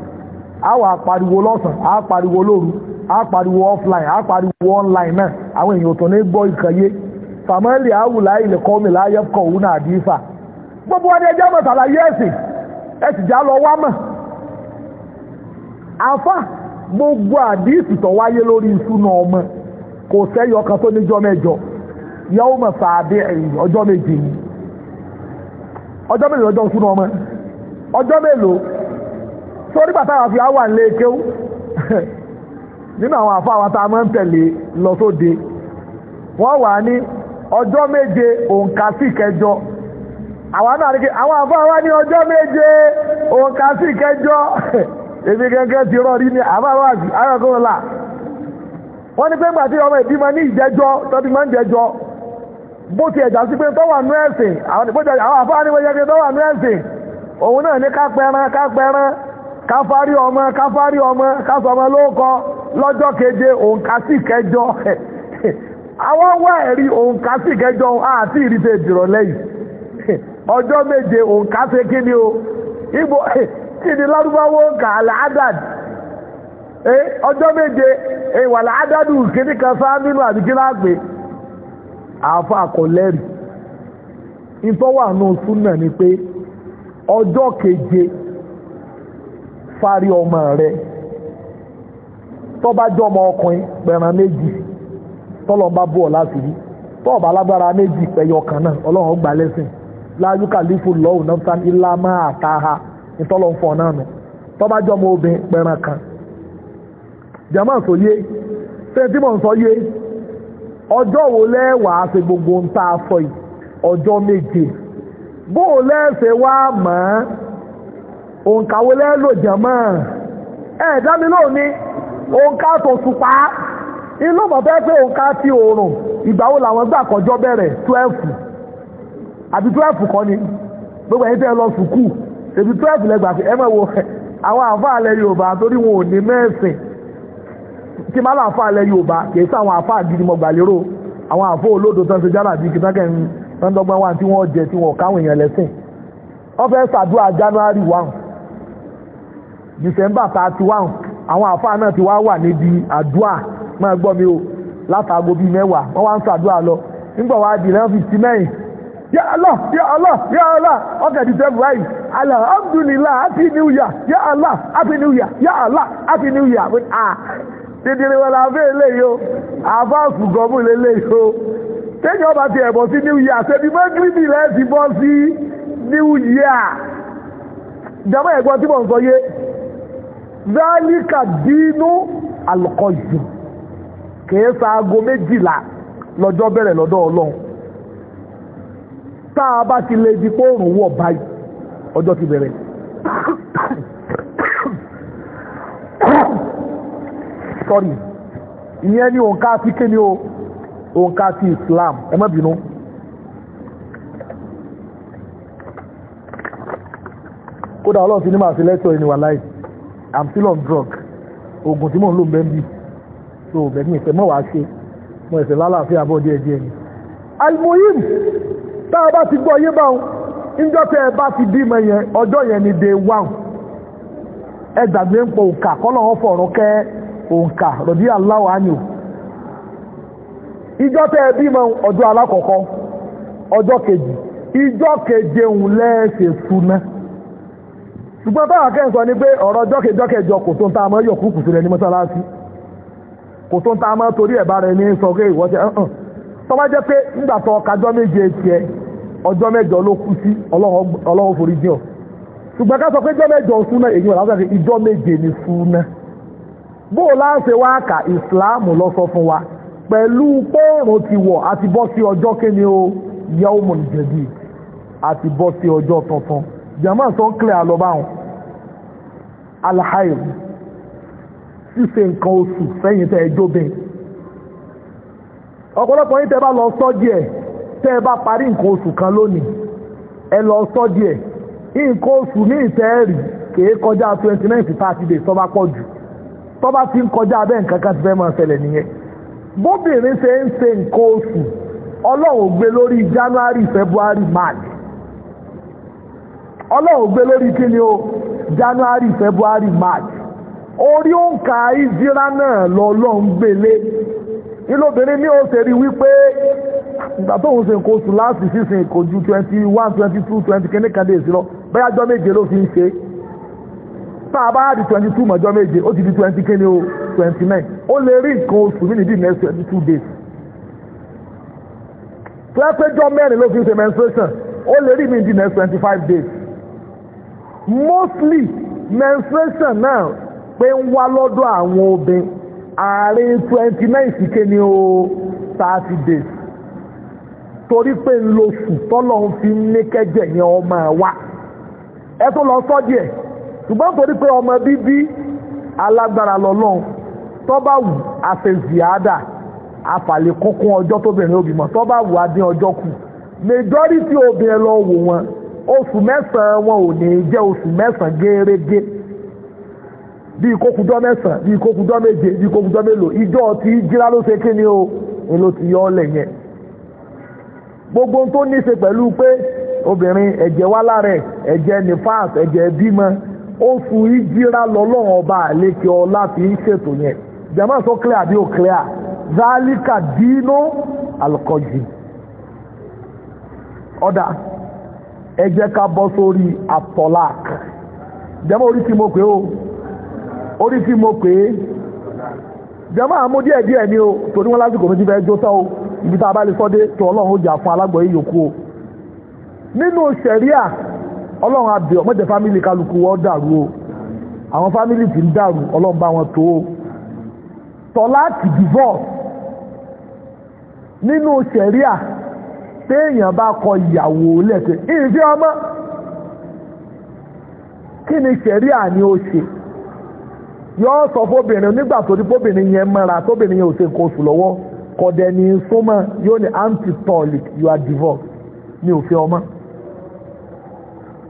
S2: àwọn akpariwo lọ́sàn akpariwo lóru akpariwo offline akpariwo online náà àwọn èèyàn tó ní gbọ́ ìkàyé fàmọ́lì àwùlá ilẹ̀ kọ́mi láyé kọ̀ òun náà dì í fà gbogbo wọn ni ẹjẹ́ mọ̀ sàlàyé ẹ̀sìn ẹ já lọ wá mọ̀ àfà gbogbo tó wáyé lórí ìṣúná ọmọ kò sẹ́yọ kan tó níjọ́ mẹ́jọ ọjọ́ méje ọjọ́ méje ọjọ́ ìṣúná ọmọ ọjọ́ mélòó sórí bàtà wà fi àwà nílé e kéwú *laughs* nínú àwọn àfa àwọn tá a máa ń tẹ̀lé lọ sóde wọ́n wà ní ọjọ́ méje òǹkà sí kẹjọ àwọn náà rí kí àwọn àfa wá ní ọjọ́ méje òǹkà sí kẹjọ *laughs* èmi gẹ́gẹ́ ti rọ̀ rí ní Wọn wá sí ayọ̀kọ́ là wọ́n ní pé gbàtí ọmọ ìbímọ ní ìjẹjọ́ tọ́tí máa ń jẹjọ́ bó ti ẹ̀já sí pé nú ẹ̀sìn àwọn yẹ òun náà ní kápẹ́ran kápẹ́ran ọmọ káfárí ọmọ kásọmọ lóòkọ lọ́jọ́ keje òǹkà sí kẹjọ àwọn wá ẹ̀rí òǹkà sí kẹjọ àti ìrìtẹ̀ ìdìrọ̀lẹ́ lẹ́yìn ọjọ́ méje òǹkà ṣe kí ni o ibo kí ni lárúbáwó ọjọ́ méje kan sáà nínú àáfà kò ọjọ́ keje fari ọmọ rẹ tọ́ba jọ ọmọ ọkùnrin pẹ̀ràn méjì tọ́lọ̀ ń bá bọ̀ láti rí tọ́ọ̀bà lágbára méjì pẹ̀yọ kan náà ọlọ́run gbà lẹ́sìn láyúkà lífù lọ́wù náà ilá máa ta ha ìtọ́lọ̀ ń fọ̀ náà nù tọ́ba jọ ọmọ obìnrin pẹ̀ràn kan jama sọ yé sẹ́ńtì sọ yé ọjọ́ wo lẹ́wàá ṣe gbogbo ń ta afọ yìí ọjọ́ méje bó o lẹ́ẹ̀ṣẹ̀ wá mọ̀ ọ́ òǹkàwé lẹ́ẹ̀lò jẹ̀mọ́ lóò ní òǹkà tó inú pé òǹkà ti òòrùn ìgbà làwọn gbà kọjọ́ bẹ̀rẹ̀ twelve àbí twelve kọ́ ni gbogbo ẹ̀yin tẹ́ lọ sùkú twelve fi wo àwọn Yorùbá wọn ò ní mẹ́sìn kí má lọ Yorùbá kì í àwọn tó ń kìtàkẹ́ wọ́n dọ́gbọ́n tí wọ́n jẹ tí wọ́n káwọn èèyàn lẹ́sìn wọ́n fẹ́ january one december thirty one àwọn àfáà náà ti wá wà níbi àdúrà máa gbọ́ mi o látàgò bíi mẹ́wàá wọ́n wá ń lọ nígbà wá di eleven fifty nine ya allah allah allah ọkẹ́ di happy new year allah happy new year allah happy new year ah, kéèyàn bá ti ẹ̀bọ̀ sí new year ṣebí mọ́gírìbì lẹ́ẹ̀sì bọ́ sí new year jàmọ́ ẹ̀gbọ́n tí mò ń sọ yé zálíkà dínú àlùkọ́yù kìí saago méjìlá lọ́jọ́ bẹ̀rẹ̀ lọ́dọ̀ ọlọ́run tá a bá ti lè di pòrùn wọ̀ báyìí ọjọ́ ti bẹ̀rẹ̀ *coughs* sorry ìyẹn ni òǹkà fi kéde o. òǹkà ti Islam slam má bínú. kódà ọlọ́run ti ní màá fi lẹ́tọ̀ ẹni wà láì i'm still on drug oògùn tí mò ń so bẹ́ẹ̀ ni ìfẹ́ mọ́ wàá ṣe mo ẹ̀sẹ̀ lálàáfíà bọ́ díẹ̀ díẹ̀ ni. almuhim tá a bá ti gbọ́ yé báwọn níjọ́ tẹ́ ti yẹn ọjọ́ yẹn ni day one ẹ gbàgbé ń òǹkà fọ̀rọ̀ kẹ́ òǹkà ìjọ tẹ́ ẹ bímọ ọjọ́ alákọ̀ọ́kọ́ ọjọ́ kejì ìjọ keje ń lẹ́ẹ̀ṣẹ̀ súná ṣùgbọ́n táwọn akẹ́yìn ni pé ọ̀rọ̀ kò tó ń ta ní mọ́sálásí kò tó ń ta torí ẹ̀bá ní tó bá jẹ́ pé tó sọ pé mẹ́jọ súná èyí láti ìjọ méje ni súná wá kà ìsìláàmù fún wa pẹ̀lú pẹ́ẹ̀rùn ti wọ̀ àti bọ́ sí ọjọ́ kéni o yawmun jadid àti bọ́ sí ọjọ́ tuntun jama sọ ń kílẹ̀ àlọ́báhùn alhair ṣíṣe nǹkan oṣù sẹ́yìn tẹ́ ẹjọ́ bẹ́ẹ̀ ọ̀pọ̀lọpọ̀ yín tẹ́ bá lọ sọ́dí ẹ̀ tẹ́ ẹ bá parí nǹkan oṣù kan lónìí ẹ lọ sọ́dí ẹ̀ nǹkan oṣù ní ìtẹ́ẹ̀rì kìí kọjá twenty nine to thirty days tó bá pọ̀ jù tó bá ti ń kọjá bẹ́ẹ̀ nǹkan kan ti fẹ́ máa ṣẹlẹ̀ nìyẹn bóbìnrin ṣe ń ṣe nǹkan oṣù lórí january february march orí òǹkà ìjírá náà lọ́lọ́run gbélé ilóbìnrin ní ó ri wípé ìgbà tóun ṣe nǹkan oṣù láti sísìn kò twenty one twenty two twenty dé sí lọ bẹ́ẹ̀ ajọ́ méje ló fi ń tá a bá di twenty two mọ́jọ́ méje ó ti di twenty kéde o twenty nine ó lè rí nǹkan oṣù mí níbí next twenty two days pẹ́pẹ́jọ́ mẹ́rin ló fi ṣe menstruation ó lè rí mi di next twenty five days mostly menstruation náà pé ń wá lọ́dọ̀ àwọn obìnrin àárín twenty nine sí kéde o thirty days torí pé ń lo oṣù tọ́lọ́ ń fi ní kẹ́jẹ̀ yẹn ọmọ wa ẹ tó lọ sọ́ díẹ̀ ṣùgbọ́n torí pé ọmọ bíbí alágbára lọ́lọ́run tó bá wù àfẹ̀zìádà àfàlẹ́kúnkún ọjọ́ tóbìnrin òbímọ tó bá wù adé ọjọ́ kù majority obìnrin lọ wò wọn oṣù mẹ́sàn-án wọn ò ní jẹ́ oṣù mẹ́sàn-án gẹ́rẹ́gẹ́ bíi kókùjọ́ mẹ́sàn-án bíi kókùjọ́ méje bíi kókùjọ́ mélòó ìjọ ti jíra ló ṣe kí ni o èló ti yọ ọ́lẹ̀ yẹn gbogbo tó ní í ṣe pẹ̀lú pé obìnrin ẹ̀jẹ̀ wá lára ẹ̀ ẹ̀jẹ̀ nifas ẹ̀jẹ̀ bímọ oṣù ìjírá lọ́lọ́run ọba àlékè ọlá fi ń ṣètò yẹn jama sọ clear àbí ò clear zálíkà dínú alkọ́jì ọ̀dà ẹ ká bọ́ sórí atọ́lák jama orí tí mo pè ó orí àmú díẹ̀ díẹ̀ ni o torí wọn lásìkò méjì fẹ́ jó o ibi tá a bá lè ọlọ́run ó o nínú ọlọ́run abẹ́ ọmọdé fámílì kálukú wọ́n dàrú o àwọn fámílì tí ń dàrú ọlọ́run bá wọn tó o tọ́láàkì divorce nínú sẹ̀ríà téèyàn bá kọ ìyàwó lẹ́sẹ̀ ìfẹ́ ọmọ kí ni sẹ̀ríà ni ó ṣe yóò sọ fóbìnrin nígbà tó ní fóbìnrin yẹn mọ́ra tóbìnrin yẹn ò ṣe nǹkan oṣù lọ́wọ́ kọ̀dẹ̀ ní súnmọ́ yóò ní anti-tolic you are divorced ní òfin ọmọ.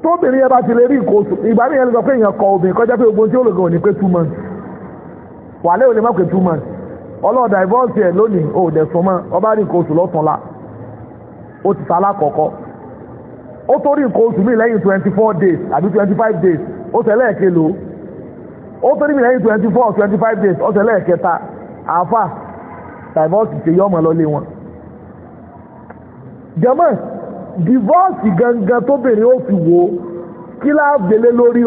S2: tóbìnrin yẹn bá ti lè rí nǹkan oṣù ìgbà mi yẹn lè sọ pé èèyàn kọ obìnrin kọjá pé ogun tí ó lè gan pé two months wàlẹ́ òní má pé two months divorce ẹ̀ lónìí ò dẹ̀ sọ mọ́ ọba rí ó ti sálá kọ̀ọ̀kọ́ ó tó rí mi lẹ́yìn twenty four days àbí twenty five days ó tẹ̀lé ẹ̀kẹ́ lò ó tó rí mi lẹ́yìn twenty four twenty five days ó tẹ̀lé ta àáfà divorce ṣe yọ ọmọ lọ lé wọn. divorce gangan tóbìnrin ó fi wo ó kí láàbẹ̀lẹ̀ lórí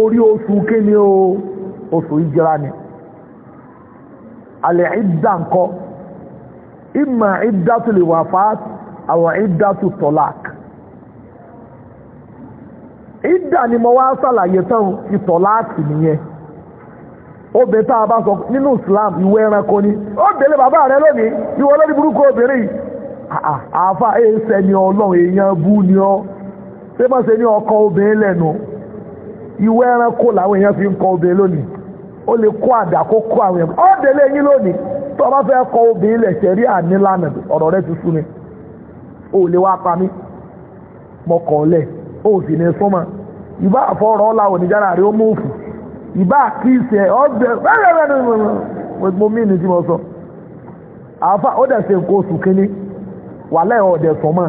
S2: orí oṣù kíni o oṣù ni alẹ́ ìdá nǹkan ìmọ̀ ìdá tó lè wà fàá àwọn ìdá tó tọ́lák ìdá ni mo wá sàlàyé tán ti tọ́láàkì nìyẹn obìnrin tá a nínú Islam ìwé ẹranko ni ó bàbá rẹ lónìí ìwọ lórí burúkú obìnrin àáfà èèṣẹ́ ni ọlọ́run èèyàn bú ni ọ́ ṣé bá ṣe ní ọkọ obìnrin lẹ́nu ìwé ẹranko làwọn èèyàn fi ń kọ obìnrin lónìí ó lè kó àdá kó àwọn èèyàn ó délé yín lónìí tó bá fẹ́ kọ obìnrin lẹ̀ ṣẹ̀rí ànílànà ọ̀rọ̀ ti sú O ó lè wá pa mí mọ́kànlẹ̀ ó sì ní súnmọ́ ìbá ọ̀la ó ìbá wàhálà ọ̀dẹ̀ sọ́mọ́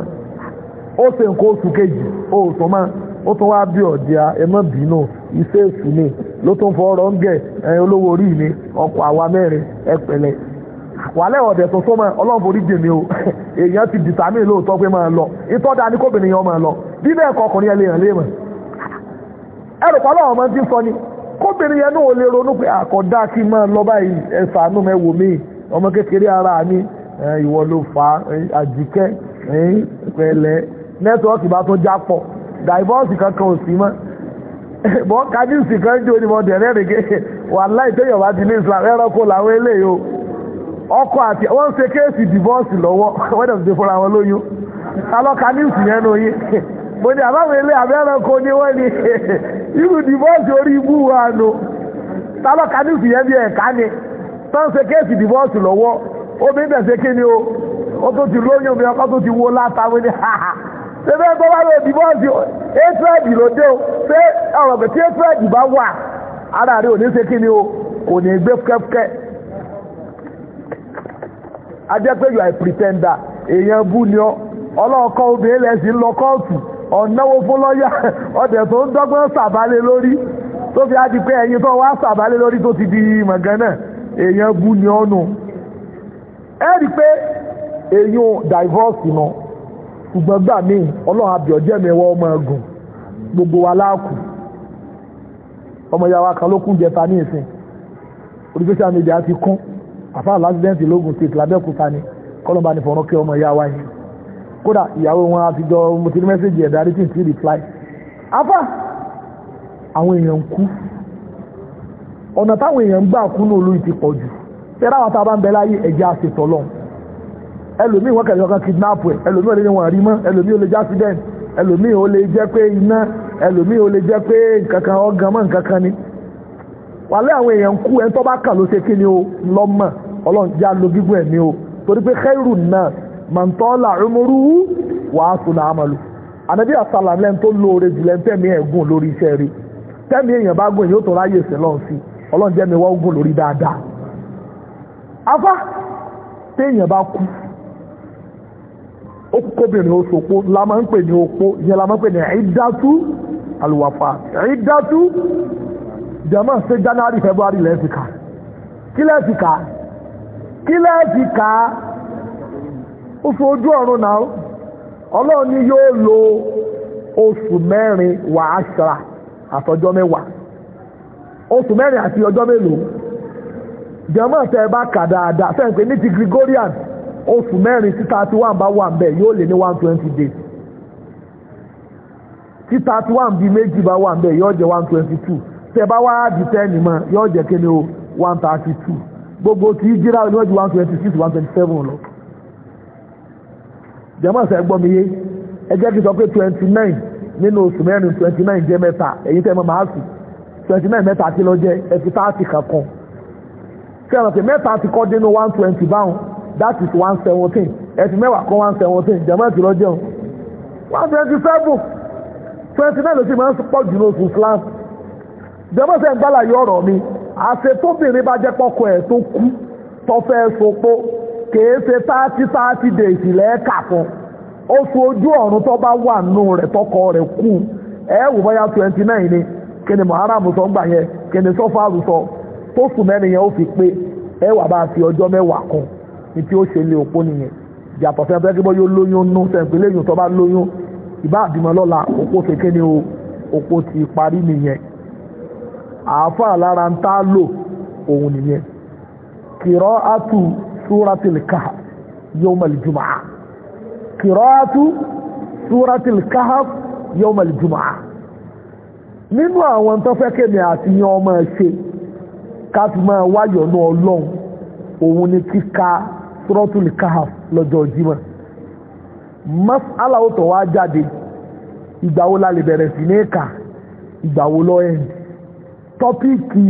S2: ó se nǹkan oṣù kejì ó sọ́mọ́ ó tún wáá bí ọ̀dẹ̀ ẹ bínú iṣẹ́ èṣù ni ló tún fọ ọ̀rọ̀ ń gẹ̀ ẹ̀ olówó orí mi ọkọ̀ àwa mẹ́rin ẹ pẹ̀lẹ́ ọ̀dẹ̀ ọlọ́run forí jèmi o *laughs* èèyàn ti dìtàmì lóòótọ́ pé máa lọ da ni kóbìnrin yẹn máa lọ bí bẹ́ẹ̀ kọ yẹn lè hàn léèmọ̀ ni kóbìnrin ìwọ ló fa àjíkẹ́ pẹ̀lẹ́ nẹ́tíwọ́ọ̀kì bá tún já dàìbọ́ọ̀sì kankan ò sí mọ́ *laughs* bọ́ kájíǹsì kan jó dị mo dẹ̀rẹ́ rèké wà láì tẹ́yọ̀ bá di ní Islam ẹranko làwọn o ọkọ àti wọ́n ṣe kéèsì dìbọ́ọ̀sì lọ́wọ́ *laughs* wọ́n ti wọn lóyún yẹn nù *laughs* mo ní àbáwọn wọ́n irú dìbọ́ọ̀sì orí ibú wa nù yẹn bí ni ṣe obìnrin tẹ̀sẹ̀ kí ni o ó tó ti lóyún obìnrin ọkọ tó ti wo látàwé ní haha bẹ́ẹ̀ tó bá lọ ló dé o ṣé ọ̀rọ̀ pé tí étrẹ́ẹ̀dì bá wà ara rẹ̀ ò ní ṣe kí o ní gbé èèyàn bú ni ọ ọlọ́ọ̀kọ́ obìnrin lẹ́sìn lọ kóòtù ọ̀náwó fún lọ́yà ọ̀dẹ̀ tó ń dọ́gbọ́n sàbálẹ̀ lórí tó fi á di pé ẹ̀yin tó wá sàbálẹ̀ lórí tó ẹ rí i pé eyín divorce nù ṣùgbọ́n gbà mí ọlọ́run àbí ọjọ́ ọmọ ẹ̀gùn gbogbo wa láàkù ọmọ ìyá wa kan ló kún jẹta ní ìsìn orí social media ti kún àfáà lásìdẹ́ǹtì lógun state ni kọ́lọ́mbà ní fọ̀rọ̀ kí ọmọ ìyá wa yìí kódà ìyàwó wọn n èèyàn ń kú ọ̀nà èèyàn ń gbà kú ní olú tẹ́lá àwọn tàbá ń bẹ láyé ẹja àṣetọ̀ lọ ẹlòmíì wọ́n kẹ̀lé ọkàn kidnap ẹ̀ ẹlòmíì ò lè wọ̀n rí mọ́ ẹlòmíì ò lè jẹ́ accident ẹlòmíì ò lè jẹ́ pé iná ẹlòmíì ò lè jẹ́ pé nkankan ọgàn mọ́ nkankan ni wàlẹ́ àwọn èèyàn kú ẹni tó bá kà ló ṣe kí ni o lọ́mọ ọlọ́run já lo gígùn ẹ̀mí o torí pé khairun náà mọ̀ntọ́là ọmọrú wàá sùn náà àmàlù ànábì àsàlà lẹ́nu tó ẹ̀ gùn tó ráyè afá téèyàn bá kú ó kóbìnrin oṣù opó la ń pè ní opó ìyẹn la ń pè ní ìdátú àlùwàfà ìdátú jẹ́mọ̀ ṣe january february lẹ́ẹ̀fìkà kí lẹ́ẹ̀fìkà kí lẹ́ẹ̀fìkà ojú ọ̀run náà ọlọ́run ni yóò lo oṣù mẹ́rin àtọjọ́ mẹ́wàá jẹ́mọ́ tẹ́ ẹ bá kà dáadáa sẹ́yìn pé ní ti Gregorian oṣù mẹ́rin sí thirty one bá wà bẹ́ẹ̀ yóò lé ní one twenty days tí thirty one bíi méjì bá wà bẹ́ẹ̀ yóò jẹ́ one twenty two tẹ́ bá wá di ten mọ́ yóò jẹ́ kí ni o one thirty two gbogbo tí jíra ni wọ́n ju one twenty six one twenty seven lọ jẹ́mọ́ sẹ́ gbọ́ mi yé ẹ jẹ́ kí n sọ pé twenty nine nínú oṣù mẹ́rin twenty nine jẹ́ mẹ́ta èyí tẹ́ mọ́ màá sùn twenty nine mẹ́ta ti lọ jẹ́ ẹ fi thirty kankan sẹ́wọ̀n sí mẹ́ta ti kọ́ dénú one twenty báwọn that is one seventeen ẹ̀sìn mẹ́wàá kọ́ one seventeen jẹ̀mọ́ ẹ̀sìn lọ́jọ́ one twenty seven twenty nine ló sì máa ń pọ̀ jù ní oṣù Islam jẹ̀mọ́ sẹ́yìn gbálà yọ ọ̀rọ̀ mi àṣetóbìnrin bá jẹ́ pọ́kọ ẹ̀ tó kú tọ́fẹ́ sopó kèé ṣe thirty thirty days lẹ́ẹ̀ka fún oṣù ojú ọ̀run tó bá wà nù rẹ̀ tọkọ rẹ̀ kú ẹ̀ wò bóyá twenty nine ni kí ni Muharram sọ gbà yẹn kí ni sọ́fà sọ tó sùn mẹ́rin yẹn ó fi pé ẹ wà bá fi ọjọ́ mẹ́wàá kan ní tí ó ṣe lé òpó nìyẹn yàtọ̀ fẹ́ fẹ́ kí bọ́ yóò lóyún nú sẹ́ǹpé léyìn tó bá lóyún ìbá àbímọ lọ́la òpó kékeré ni o òpó ti parí nìyẹn àáfà lára ń tá lò òun nìyẹn kìrọ́ àtù súratil kahf yawmal jumu'ah kìrọ́ àtù súratil kahf yawmal jumu'ah nínú àwọn tó fẹ́ kémi àti yan ọmọ ṣe ká fi máa wáyọ̀ náà ọlọ́run òun ni kíka suratul kahf lọ́jọ́ jímọ̀ mas'ala ó tọ̀ wá jáde ìgbà wo la lè bẹ̀rẹ̀ sí ní kà ìgbà wo tọ́píìkì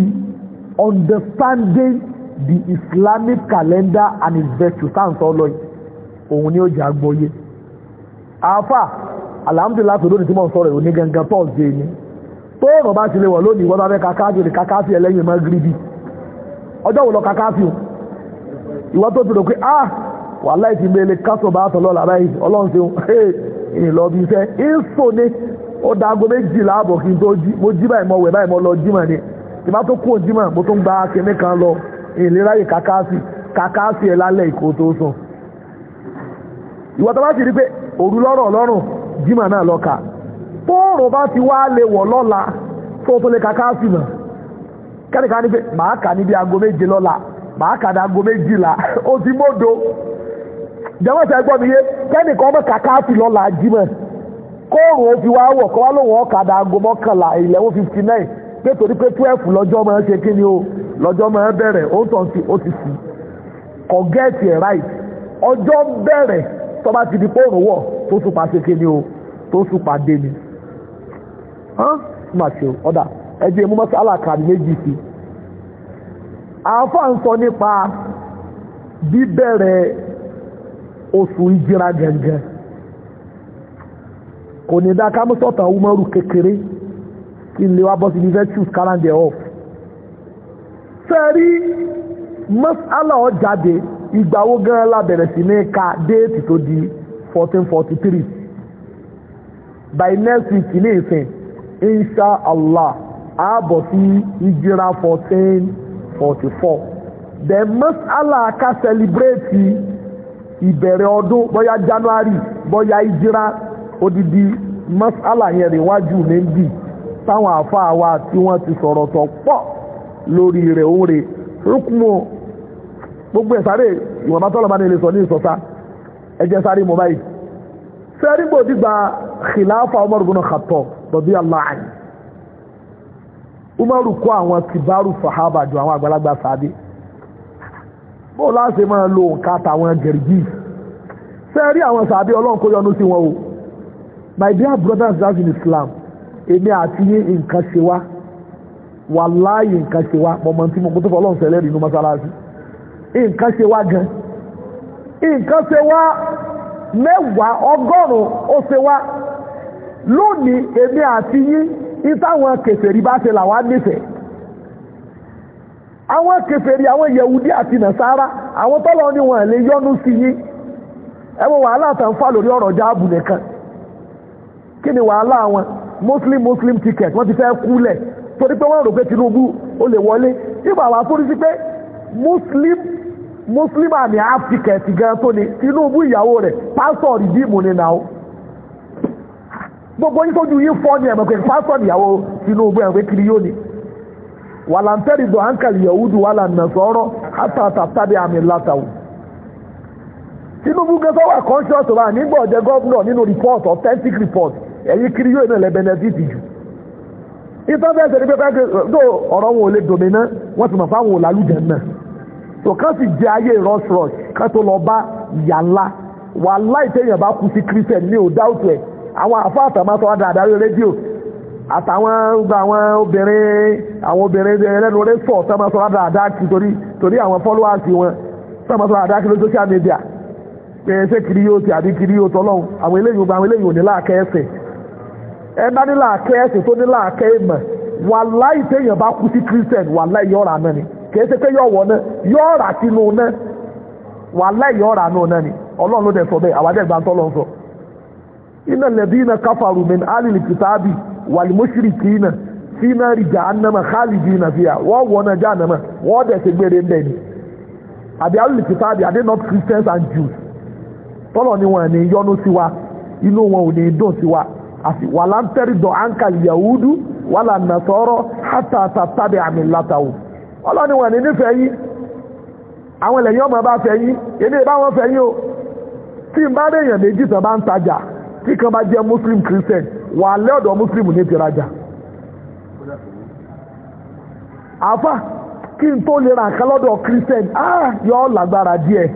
S2: understanding the islamic calendar and its virtue sáǹsọ́ ọlọ́yìn òun ni ó jà gbọ́yé àáfà alhamdulilah tó lónìí tí mò ń sọ̀rọ̀ ìwò ní gangan thursday ni tó èèmọ̀ bá ti lè wọ̀ lónìí wọ́n bá fẹ́ kakáàfì rẹ̀ ẹlẹ́yìn mọ́ gírídì ọjọ́ wo lọ ka káfíù tó pé ah wàláhì ti mele kásọ̀ bá sọ bí iṣẹ́ ó da mo jí báyìí wẹ̀ báyìí lọ jí mà tí bá tó kú mà mo kan lọ ìlera yìí kàkáàsì kàkáàsì ẹ̀ lálẹ́ ìkó tó sùn ìwọ tó bá ti rí pé òru lọ́rọ̀ lọ́rùn jí mà lọ bá ti wá lè wọ̀ lọ́la tó tó lè kẹ́nìkan ní pé màá kà níbi aago méje lọ́la màá kà ní aago méjìlá *laughs* ó ti mọ́dọ̀ jẹ́wọ́n fẹ́ gbọ́ mi yé kẹ́nìkan ọmọ kàkáàfì lọ́la jímọ̀ kóòrùn ó fi wá wọ̀ kọ́ wá lóun ọ̀kadà aago mọ́kànlá eleven fifty nine pé torí pé twelve lọ́jọ́ máa ń ṣe kí ni o lọ́jọ́ máa ń bẹ̀rẹ̀ ó tàn sí ó ti sí kò ẹ̀ right ọjọ́ bẹ̀rẹ̀ tó bá ti di kóòrùn wọ̀ tó súpa ṣe kí ni o tó súpa dé ni. Huh? Mà ṣe ọ̀dà ẹjẹ́ mú mọ́sí alákàdì méjì sí àáfàá ń sọ nípa bíbẹ̀rẹ̀ oṣù ìjìra gẹ̀ǹgẹ̀ kò ní dá kámúsọ̀tàn umaru kékeré kí n lè wá bọ́ sí juventus calendar off fẹ́rí mọ́sálà ọ̀jáde ìgbà wo gan la bẹ̀rẹ̀ sí ní ka déètì tó di 1443 by next week ní ìsìn insha allah ààbọ̀ sí ìjìra fourteen forty four then masala ká sẹlibrétì ìbẹ̀rẹ̀ ọdún bóyá january bóyá ìjìra odidi masala yẹn níwájú mi ń bì táwọn àáfàá wa tí wọ́n ti sọ̀rọ̀ tó pọ̀ lórí rẹ̀ òun rè rúkùmù gbogbo ẹ̀sáré ìwọ̀nba tọ́lọ̀ bá ní ilé sọ ní ìsọ̀ta ẹjẹ́ sáré mọ̀ báyìí sẹ́rí gbòdìgbà khilafa Umar ibn Khattab radiyallahu anhu umaru kó àwọn kibaru sahaba jọ àwọn àgbàlagbà sáadé bó láṣẹ máa lo nǹkan àtàwọn gẹ̀rìgì sẹ́ẹ̀rí àwọn sáadé ọlọ́run kó yọ́nú sí wọn o my dear brothers and sisters in islam èmi àti yín nǹkan ṣe wá wàláyé nǹkan ṣe wá mọ̀mọ́ tí mo kó tó fọ́ ọlọ́run sẹ́lẹ̀ nínú mọ́sálásí nǹkan ṣe wá gan nǹkan ṣe wá mẹ́wàá ọgọ́rùn-ún ó ṣe wá lónìí èmi àti yín ìtàwọn kèfèrí bá ṣe làwọn nífẹ̀ẹ́ àwọn kèfèrí àwọn yẹ̀wùdí àti nàṣàrà àwọn tọ́lọ ni wọ́n lè yọ́nú sí yín ẹwọ wàhálà tàǹfà lórí ọ̀rọ̀ jáàbù nìkan kí ni wàhálà wọn muslim muslim ticket wọ́n ti fẹ́ kúlẹ̀ torí pé wọ́n rò pé Tinubu ó lè wọlé ibà wà fórí sí pé muslim muslim àmì half ticket gan tó ni Tinubu ìyàwó rẹ̀ pásítọ̀ rìdíìmù ni nàá gbogbo yín tó ju yín fọ́ ni ya pé níyàwó Tinubu ẹ̀ kiri yóò ní wàlàntẹ́rì dọ̀ áńkàlì yahudu wàlà nàṣọ́rọ́ àtàtà tàbí àmì látàwù Tinubu gẹ́sọ́ wà conscious of nígbà ọ̀jẹ̀ gọ́vnọ̀ nínú report authentic report ẹ̀yìn kiri yóò náà jù ìtọ́fẹ́ ní pẹ́pẹ́ ọ̀rọ̀ wọn ò lè wọ́n ti mọ̀ fáwọn náà tó sì jẹ àwọn àfáà àtàmátọ́ adàdarí rédíò àtàwọn gba àwọn obìnrin àwọn obìnrin ẹlẹ́nu orí fọ̀ tọ́mọ́sọ́ adàdá kì torí torí àwọn followers wọn tọ́mọ́sọ́ adàdá kì ló social media pé ṣé kiri yóò ti àbí kiri yóò tọ́lọ́hún àwọn eléyìí àwọn eléyìí ò ní láàkẹ́ ẹsẹ̀ ẹ bá ní láàkẹ́ ẹsẹ̀ tó ní láàkẹ́ ìmọ̀ wàláì téèyàn bá kú sí christian wàláì yọ̀ọ̀rà náà ni kìí ṣe pé yọ̀wọ̀ náà yọ̀ọ̀rà sínú náà wàláì yọ̀ọ̀rà náà ni ọlọ́run ló dẹ̀ sọ bẹ́ẹ̀ àwàdẹ́gbàntọ́ lọ́n sọ iná lẹ́dínà káfàrù min alìlì kìtàbì wàlìmọ́sírì kìínà sínà rìjà annama khalidina fiha wọ́n wọ́n náà jahannama wọ́n dẹ̀ ṣe gbére ń bẹ̀ni àbí alìlì kìtàbì are they not Christians and Jews tọ́lọ̀ ni wọ́n ní yọ́nú sí wa inú wọn ò ní dùn sí wa àfi wà láńtẹ́rì dọ̀ áńkàlì yahudu wà lànà sọ́rọ́ hátàtà tàbí àmì látàwò ọlọ́ni wọ́n ní nífẹ̀ẹ́ yìí àwọn ẹlẹ́yìn ọmọ bá fẹ́ yín èdè bá wọn fẹ́ yín o tí n bá dé èèyàn méjì tán bá ń tajà tí kan bá jẹ́ muslim christian wà lẹ́ ọ̀dọ̀ muslim ní ti rajà àfà kí n tó lè ra nǹkan lọ́dọ̀ christian ah yọ lágbára díẹ̀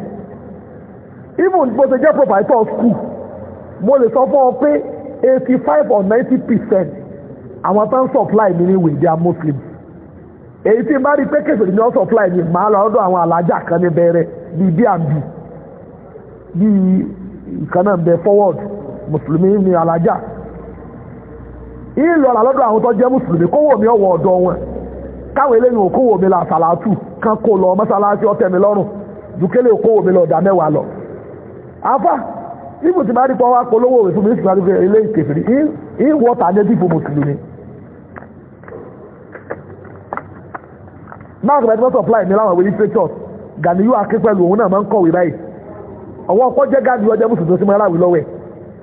S2: even bó ṣe jẹ́ proprietor school mo lè sọ fún ọ pé eighty five or ninety percent àwọn tó supply mi ní dia muslims èyí tí n bá rí pé kẹsìrì ni supply mi màá lọ ọ̀dọ̀ àwọn alájà kan ní di bíi bnb bíi nǹkan bẹ forward Musulumi ni alájà ìlọ́ra ala àwọn ahụtọ jẹ mùsùlùmí kọwọ mi ọwọ ọ̀dọ̀ wọn káwọn eléyìn òkówó mi la sàlátù kan kó lọ mọ́sálásí ọ̀tẹ̀ mi lọ́rùn dùkẹ́lẹ̀ òkówó mi lọ ọ̀dà mẹ́wàá lọ. afa ibu ti máa rí pọ́wá polówó rẹ̀ fún mi ìsìnkú àdúgbò ilé ìkẹfìrí ìwọ́ta ní dìbò mùsùlùmí. mark redmond supply ní láwọn ìwé Ganiyu òun náà máa ń báyìí ọwọ́ jẹ́ ọjọ́ lọ́wọ́ ẹ̀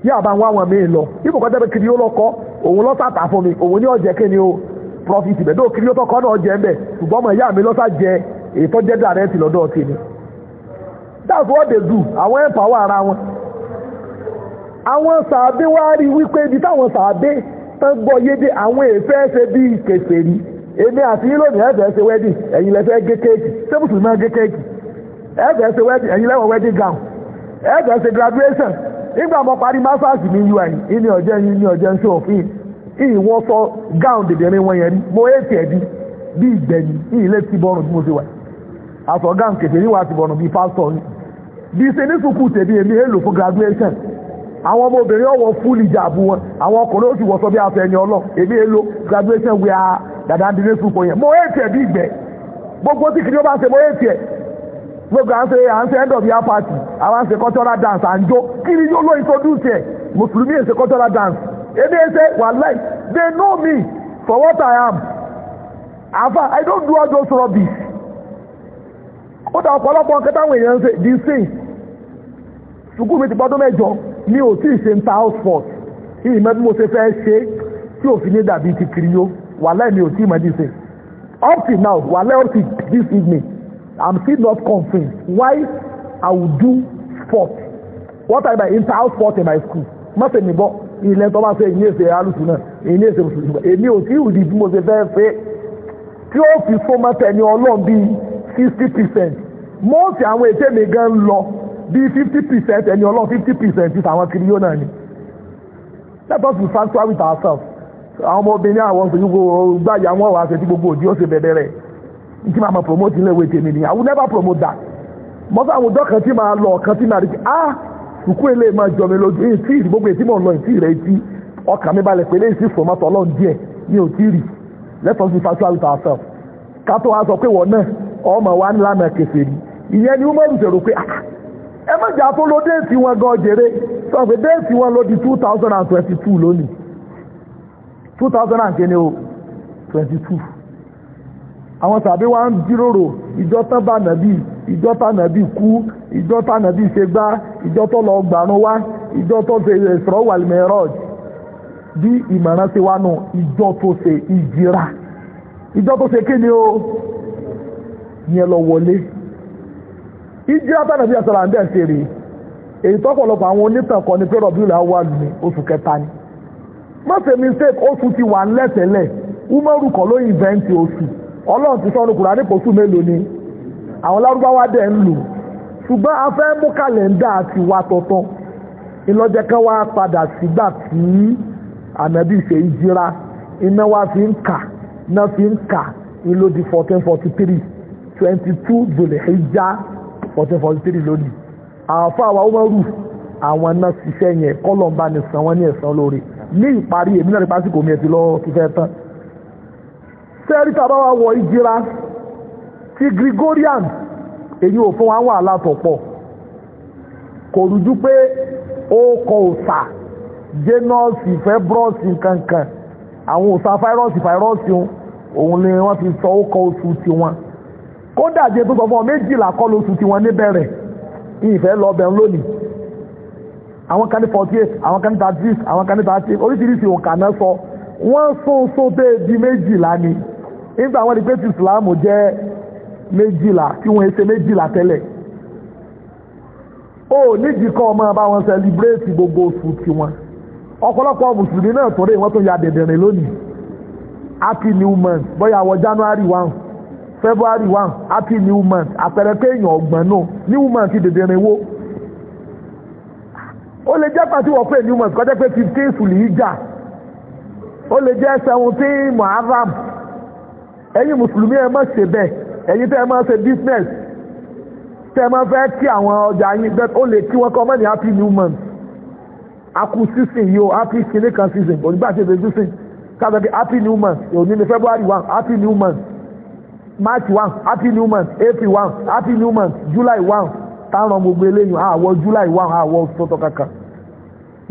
S2: yóò bá wá wọn lọ ibò kọjá pé kiri ó lọkọ òun lọ́sàtà fún mi òun ní ọ̀jẹ̀ ni o profit bẹ̀ kiri ó tọkọ náà jẹ́ mbẹ̀ ṣùgbọ́n ọmọ ìyá mi lọ́sà jẹ ètò jẹ́ dàrẹ́tì lọ́dọ̀ ti ni that's what they do àwọn ara wọn àwọn sàábé wá rí wípé ibi táwọn sàábé tán gbọ́ yédè àwọn èèfẹ́ ṣe bí kèsè rí èmi àti yín lónìí ẹ̀fẹ̀ ṣe wedding ẹ̀yin gé nígbà mo parí masters ní ui ní ọjọ́ yín ní ọjọ́ ṣó òfin ìyìn wọ́n sọ gown dèdèrè wọn yẹn rí mo èsì ẹ̀dí bí ìgbẹ̀yìn ìyìn lè ti bí mo ṣe wà àsọ gown kèfè níwà ti bọ́ọ̀rùn bí pásítọ̀ ni bí ṣe ní sùkúù tèmi èmi èlò fún graduation àwọn ọmọ obìnrin ọwọ́ fúlì ìjàbù wọn àwọn ọkùnrin ó wọ́sọ bí aṣọ ẹni ọlọ́ èmi èlò graduation wíwá dàdá dín ní yẹn mo gbogbo tí kìnìún bá gbogbo à ń ṣe à ń ṣe end of year party àwọn à ń ṣe cultural dance à ń jó kiri yóò ló introduce ẹ̀ mùsùlùmí ẹ̀ ṣe cultural dance èmi ẹ̀ ṣe wàláì they know me for what I am afa I don't do all those rubbish ó dà ọ̀pọ̀lọpọ̀ kẹta àwọn èèyàn ń ṣe the same sùkúù mi ti gbọ́dún mẹ́jọ mi ò tí ì ṣe ń ta house sport ìyìn mẹ́bí mo ṣe fẹ́ ṣe tí òfin ní dàbí ti kiri yó wàláì mi ò tí ì mọ̀ ní ṣe up till now wàláì up till this evening I'm still not convinced why I would do sport. What I by inter sport in my school? Má ṣe nìbọn ilẹ̀ tó bá ṣe ìyẹn ṣe alùsù náà ìyẹn ṣe mùsùlùmí. Èmi ò tí ì di bí mo ṣe fẹ́ fẹ́ tí ó fi fọ́mọ tẹ̀lé ọlọ́run bíi sixty percent. Mọ́ọ̀sì àwọn ètè mi gan lọ bíi fifty percent ẹni ọlọ́run fifty percent ti tàwọn kiri yóò náà ni. Let us be factual with ourselves. Àwọn ọmọ obìnrin àwọn ọ̀sẹ̀ yìí gbàyà wọn wà á ṣe tí gbogbo òdi ó ṣe bẹ̀rẹ̀ rẹ̀ tí màá ma promote ilé ìwé tèmi nìyẹn I will never promote that mọ́tò àwọn ọ̀dọ́ kan tí màá lọ ọ̀kan tí màá rí ah sùkúù ilé máa jọ mi lójú èyí tí gbogbo èyí tí mò ń lọ èyí tí rẹ̀ ti ọkàn mi balẹ̀ pé léyìí sí fòmọ́tò ọlọ́run díẹ̀ mi ò tí let us be factual with ourselves ká tó wá sọ pé wọ́n náà ọmọ wa ń lánàá kẹfẹ́ rí ìyẹn ni wọ́n rò pé ah, ẹ má jà tó ló déètì wọn gan jèrè sọ pé déètì wọn ló di two thousand and twenty two lónìí two thousand and twenty two àwọn tàbí wá ń jíròrò ìjọ tán bá nàbí ìjọ tànàbí kú ìjọ tànàbí ṣe gbá ìjọ tó lọ gbàrún wá ìjọ tó ṣe Isra wal Miraj bí ìmọ̀ràn ṣe wá nù ìjọ tó ṣe ìjìra ìjọ tó ṣe kí ni o yẹn lọ wọlé ìjìra tànàbí àṣàrà ń bẹ̀ ṣe rè èyí tọ́pọ̀lọpọ̀ àwọn onítàn kan ní pẹ́rọ̀ bíi làwọn àlùmí oṣù kẹta ni má ṣe mistake oṣù ti wà ń lẹ́tẹ̀lẹ̀ Umaru kọ́ ló invent oṣù ọlọ́run ti sọ́nu kùránì kò sùn mélòó ni àwọn lárúbáwá dẹ̀ ń lù ṣùgbọ́n a fẹ́ mú kàlẹ́ńdà àti wa tọ̀tọ̀ ìlọ́jẹ́ kan wá padà sígbà tí ànábì ṣe ń jíra iná wa fi ń kà náà fi ń kà ìlòdì 1443 22 Dhul-Hijjah 1443 lónìí àáfàá wa Umaru àwọn náà ṣiṣẹ́ yẹn kọ́lọ̀ ń bá ní san wọ́n ní ẹ̀san lóore ní ìparí èmi náà rí pásítọ̀ mi ẹ̀ ti lọ́ọ́ ti fẹ́ tán sẹ́rí tàbá wa wọ ìjìra ti Gregorian èyí ò fún wa wà látọ̀pọ̀ kò rújú pé ó kọ òsà jẹ́nọ́ọ̀sì fẹ́brọ́ọ̀sì kankan àwọn òsà fáírọ́ọ̀sì fáírọ́ọ̀sì òun ni wọ́n fi sọ ó kọ oṣù tiwọn kódà jẹ́ tó sọ fún ọ méjìlá kọ́ lóṣù tiwọn níbẹ̀rẹ̀ ìfẹ́ lọ bẹ̀rún lónìí àwọn kan ní 48 àwọn kan ní 36 àwọn kan ní 38 oríṣiríṣi òǹkà náà sọ wọ́n sún sún bẹ́ẹ̀ di méjìlá ni nígbà wọn di pé ti islam jẹ́ méjìlá tí wọ́n ṣe méjìlá tẹ́lẹ̀ ó nídìí kọ́ ọmọ bá wọn sẹlibrétì gbogbo oṣù tiwọn ọ̀pọ̀lọpọ̀ mùsùlùmí náà tó rè wọ́n tó ya dẹ̀dẹ̀rìn lónìí happy new month bóyá wọ january one february one happy new month àpẹẹrẹ pé èèyàn ọ̀gbọ̀n náà new month ti dẹ̀dẹ̀rìn wo ó lè jẹ́ pàtí wọ́n pé new month kọjá pé fifteen sùlì ìjà ó lè jẹ́ seventeen muharram ẹ̀yin mùsùlùmí ẹ má ṣe bẹ́ẹ̀ ẹ̀yin tẹ́ ẹ máa ṣe business tẹ́ ẹ máa fẹ́ kí àwọn ọjà yín bẹ́ẹ̀ ó lè kí wọ́n kọ́ mọ́ni happy new month Aku season yìí o happy kìnní kan season onígbà ṣe fẹ́ season káfẹ́ happy new month òní ni february one happy new month march one happy new month april one happy new month july one táwọn gbogbo eléyìí àwọ̀ july one àwọ̀ sọ́tọ̀ kankan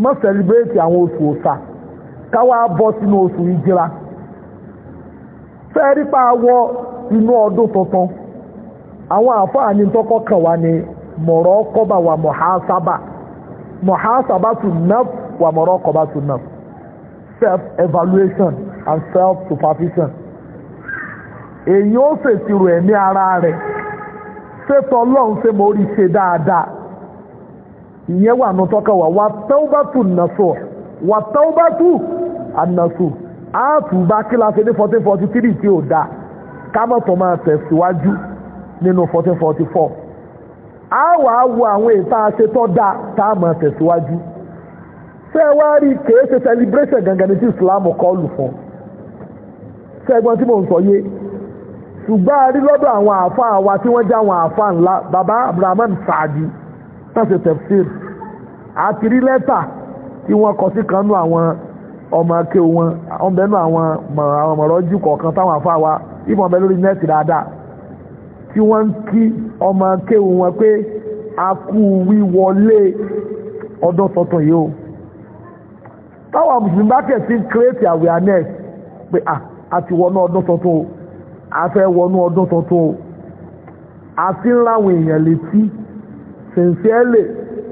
S2: mọ́ celebrate àwọn oṣù ọ̀sà káwá bọ́ sínú oṣù ìjìra. fẹ́ẹ́rípa wọ inú ọdún tuntun àwọn àǹfààní tọkọ kàn wá ní mọ̀rọ̀ kọ́bà wà mọ̀hásábà mọ̀hásábà tù wà mọ̀rọ̀ kọ́bà self evaluation and self supervision èyí ó ṣèṣirò ẹ̀mí ara rẹ̀ ṣètò ọlọ́run ṣe mo rí ṣe dáadáa ìyẹn wà nù tọkọ wà wà tẹ́wọ́bà tù nàṣọ wà tẹ́wọ́bà tù ànàṣọ. áàpù bá kíláàsì ní fourteen forty three tí ò dáa kámọ́tò máa tẹ̀síwájú nínú fourteen forty four a wà á wo àwọn èyí tá a ṣe tọ́ dáa tá a máa tẹ̀síwájú ṣé ẹ wá rí kèé ṣe celebration gangan ní tí Islam kọ́ lù fún ṣẹ́gbọ́n tí mò ń sọ yé ṣùgbọ́n a rí lọ́dọ̀ àwọn àáfàá wa tí wọ́n já àwọn àáfàá ńlá baba Abdulrahman Saadi náà ṣe tafsir àti rí lẹ́tà tí wọ́n kọ sí kanú àwọn ọmọ ake wọn àwọn bẹ́ẹ̀ nù àwọn mọ̀rọ̀jú kọ̀ọ̀kan táwọn afọ àwa ìfọ̀n bẹ́ẹ̀ lórí nẹ́ẹ̀sì dáadáa tí wọ́n ń kí ọmọ ake wọn pé a kú wíwọlé ọdún tuntun yìí o táwọn mùsùlùmí bá kẹ̀sí create awareness pé à a ti wọnú ọdún tuntun o a fẹ́ wọnú ọdún tuntun o a ti ń ráwọn èèyàn létí sincerely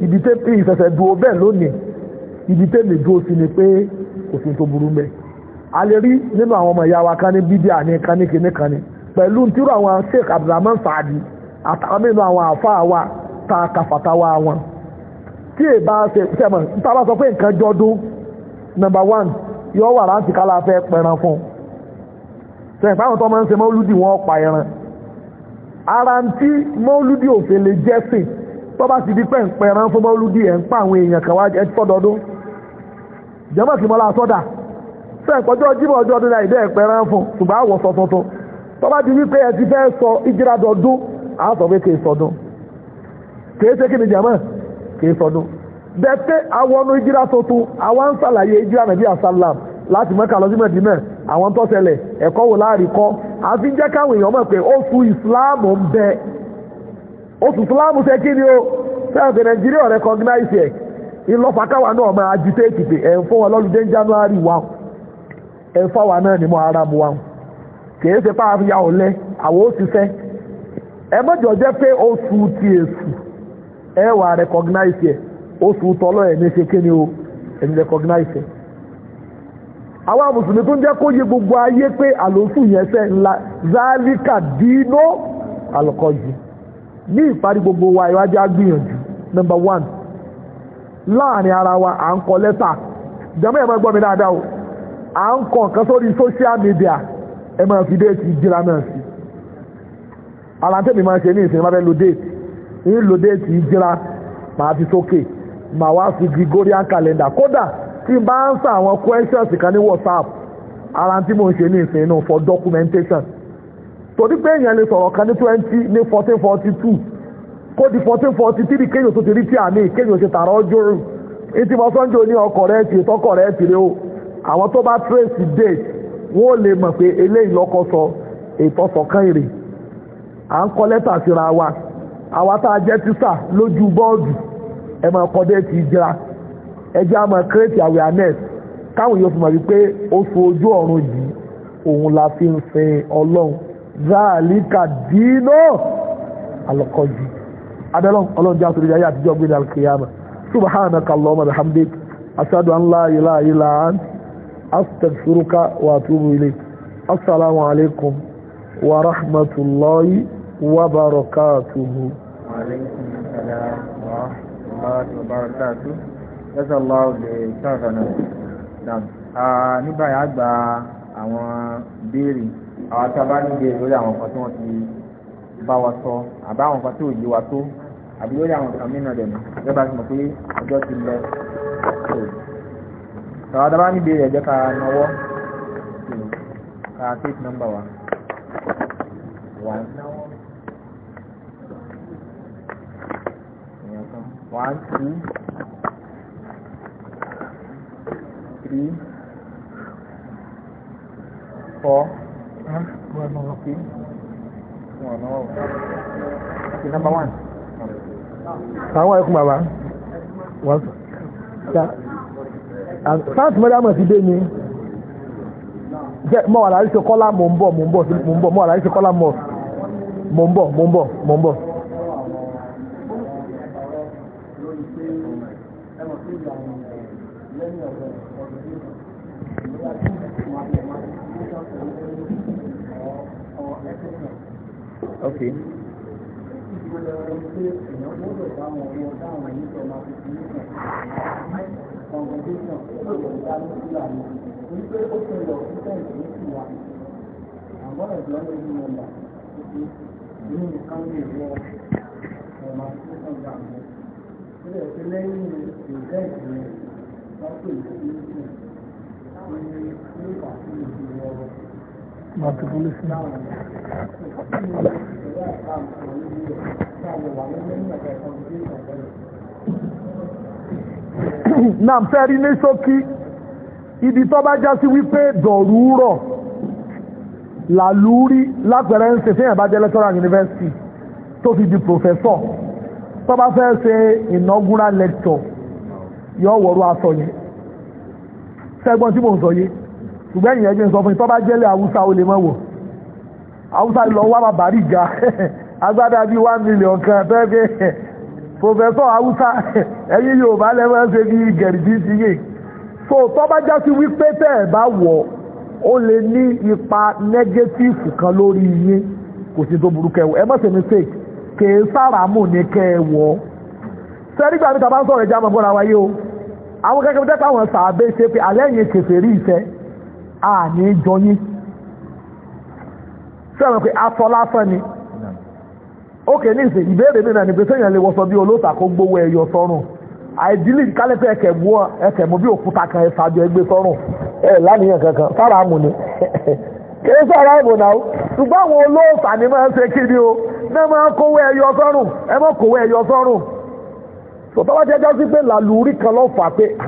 S2: ibi tẹ́ ìṣẹ̀ṣẹ̀ dúró bẹ́ẹ̀ lónìí ibi tẹ́ mi dúró sí ni pé kò tó burú mẹ́ a lè rí nínú àwọn ọmọ ìyá wa kan ní bídíà ní kan ní kíní kan ní pẹ̀lú tírú àwọn saadi àtàwọn àwọn àfáà wa ta kàfàtà wa wọn tí è bá ṣe sẹ́mọ̀ níta bá sọ pé nǹkan jọdún one yọ wà láǹtì kálá fẹ́ pẹran fún sẹ́yìn fáwọn tó máa ń ṣe mọ́lúdì wọn ara ń tí mọ́lúdì òfin lè tó bá ti di pẹ́ ń pẹran fún mọ́lúdì ẹ̀ ń jẹ́mọ̀ kí mọ́lá sọ́dà fẹ́ẹ̀kọ́jọ́ jímọ̀ ọjọ́ ọdún náà ìdẹ́ ẹ̀pẹ́ rán fún ṣùgbọ́n àwọ̀ sọ tuntun tó bá ti wípé ẹ ti fẹ́ sọ ìjíradọ̀dún àásọ̀ pé kìí sọdún kìí ṣe kí ni jẹ́mọ̀ kìí sọdún bẹ́ẹ̀ awọnú ìjíra tuntun àwọn ń sàlàyé ìjíra nàbí àsálàm láti Mẹ́kà lọ sí Mẹ́dínà àwọn tó ṣẹlẹ̀ ẹ̀kọ́ wò láàrí kọ́ àfi jẹ́ káwọn èèyàn mọ̀ pé oṣù ìsìláàmù ń bẹ oṣù ìsìláàmù ṣe kí ni o fẹ́ẹ̀ pé Nàìjíríà recognize ìlọ́fà káwa náà ma ajíté ètìtì ẹ̀ ń fún wọn lọ́lùdé january one ẹ̀ ń náà mọ́ ara mu wọn kìí ṣe pa ya ọ̀lẹ àwọn òṣìṣẹ́ ẹ mọ́jọ jẹ́ pé oṣù ti èṣù ẹ wà recognize ẹ oṣù tọ́lọ́ ẹ̀ ní ṣe kí ni o ẹ̀ ní recognize àwọn mùsùlùmí tó ń jẹ́ kó gbogbo ayé pé àlòsù yẹn ńlá gbogbo wa láàrin ara wa à ń kọ lẹ́tà jẹ́mọ́ ẹ̀mọ́ gbọ́ mi dáadáa o à ń kọ nǹkan sórí social media ẹ máa fi déètì ìjìra náà sí ara ń tẹ́mi máa ṣe ní ìsinmi mábẹ́ lo déètì ń lo déètì ìjìra màá fi sókè màá wá fi Gregorian calendar kódà tí n bá ń sọ àwọn questions kan ní WhatsApp ara tí mo ń ṣe ní ìsinmi náà for documentation torí pé èèyàn lè sọ̀rọ̀ kan ní twenty ní fourteen forty two kó 1443 fourteen forty kéèyàn tó ti rí tí àmì kéèyàn ṣe tààrà ọjọ́ rù etí mo ní ọkọ̀ rẹ̀ tọ́kọ̀ rẹ̀ o àwọn tó bá trace date wọ́n lè mọ̀ pé eléyìí lọ́kọ́ sọ ètò sọ̀kan èrè kọ́ lẹ́tà wa àwa tá a jẹ́ tísà lójú bọ́ọ̀dù ẹjẹ́ awareness káwọn yóò la fi ń sin ọlọ́run adalon olon ja sori ya ti jogbe dal qiyama subhanaka allahumma bihamdik ashhadu an la ilaha illa ant astaghfiruka wa atubu ilayk assalamu alaikum wa rahmatullahi wa barakatuh wa
S1: alaikum assalam wa rahmatullahi wa barakatuh jazakallahu li shafana nam ah ni báyìí agba àwọn béèrè àwọn tá a bá ní béèrè kan tí wọ́n ti bá wa sọ àbáwọn kan tí ò yé wa tó àbí yà wọn kàmí kan mìíràn dẹ̀ ní gẹ́gẹ́ bá ti mọ̀ pé ọjọ́ ti lọ sọ̀rọ̀ adá bá ní ìbéèrè ẹ̀jẹ̀ ká nawọ́ ká kéèkì nọ́mbà wa. one kan. one two three
S3: four number one. àwọn ẹkùn bàbá wọ́n
S2: sáàtì mẹ́rin àmọ̀ sí dé ni jẹ́ mọ́ wà láàrín ṣe kọ́lá mò ń bọ̀ mò ń bọ̀ mò ń bọ̀ mọ̀ ń bọ̀ ń bọ̀ ń bọ̀
S3: ní ìgbà yìí torí pé ó ṣe lọ sí tẹ̀sí ní sí wa àmọ́ ẹ̀jọ́ ló ní ọ̀la títí ní nǹkan lè wọ ọ̀la tó kàn gbà mọ́ ó lè fi lẹ́yìn ìrẹ́ẹ̀dì rẹ̀ wọ́n pè é sí ìsìn ní ní ìpàkì ìdí ọ̀rọ̀. Màtúkúlù sí. Báwo ni ìṣẹ̀lẹ̀ àkàmù àwọn ilé rẹ̀ tí a lè wà lẹ́yìn ẹ̀ka ìkọ́ni sí ìṣẹ̀lẹ̀?
S2: Náà fẹ́ rí ní ṣókí ibi tó bá já sí wípé dọ̀rúrọ̀ làlúrí lápẹ̀rẹ̀ ń ṣe fẹ́yàn bá jẹ́ lecturer university tó fi di professor tó bá fẹ́ ṣe inaugural lecture yọ wọ̀rọ̀ aṣọ yẹn sẹ́gbọ́n tí mò ń sọ yé ṣùgbọ́n ìyẹn jẹ́ ń sọ fún tó bá jẹ́lẹ̀ haúsá ó lè mọ́ wọ̀ haúsá lọ wá bàbá rí ga *laughs* agbádá bíi one million kan fẹ́ fẹ́ *laughs* professor haúsá *laughs* ẹ̀yin Yorùbá lẹ́wọ́n ṣe bí gẹ̀rìbí so tó bá já sí wípé tẹ́ ẹ̀ bá wọ̀ ó lè ní ipa nẹ́gẹ́tífù kan lórí yín kò sí tó burú kẹwọ́ ẹ má ṣe mistake kèé sáràmù ní kẹwọ́ sẹ́rígbà mi tàbá ń sọ̀rọ̀ ẹja mọ̀ bọ́ra wáyé o àwọn kẹ́kẹ́ tẹ́ta àwọn sàábé ṣe pé alẹ́yìn kèfè rí ìfẹ́ àní jọyín sẹ́wọ̀n pé aṣọ lásán ni ó kè ní ìsìn ìbéèrè mi náà ni pé sẹ́yìn lè wọ́sọ bí olóòtà kó gbówó ẹyọ sọ́rùn àìdílé kálẹ́fẹ́ ẹ̀kẹ̀ mú ẹ̀kẹ̀ mú bí òkúta kan ẹ̀fàjọ ẹgbẹ́ sọ́rùn ẹ̀ lánìyàn kankan sára àmù ni *laughs* kìí sára àmù náà ṣùgbọ́n àwọn olóòfà ni máa ń ṣe kí ni o náà máa ń kówó ẹyọ sọ́rùn ẹ kówó ẹyọ sọ̀tọ́ jẹ́jọ́ sí pé kan lọ́ fà pé ah,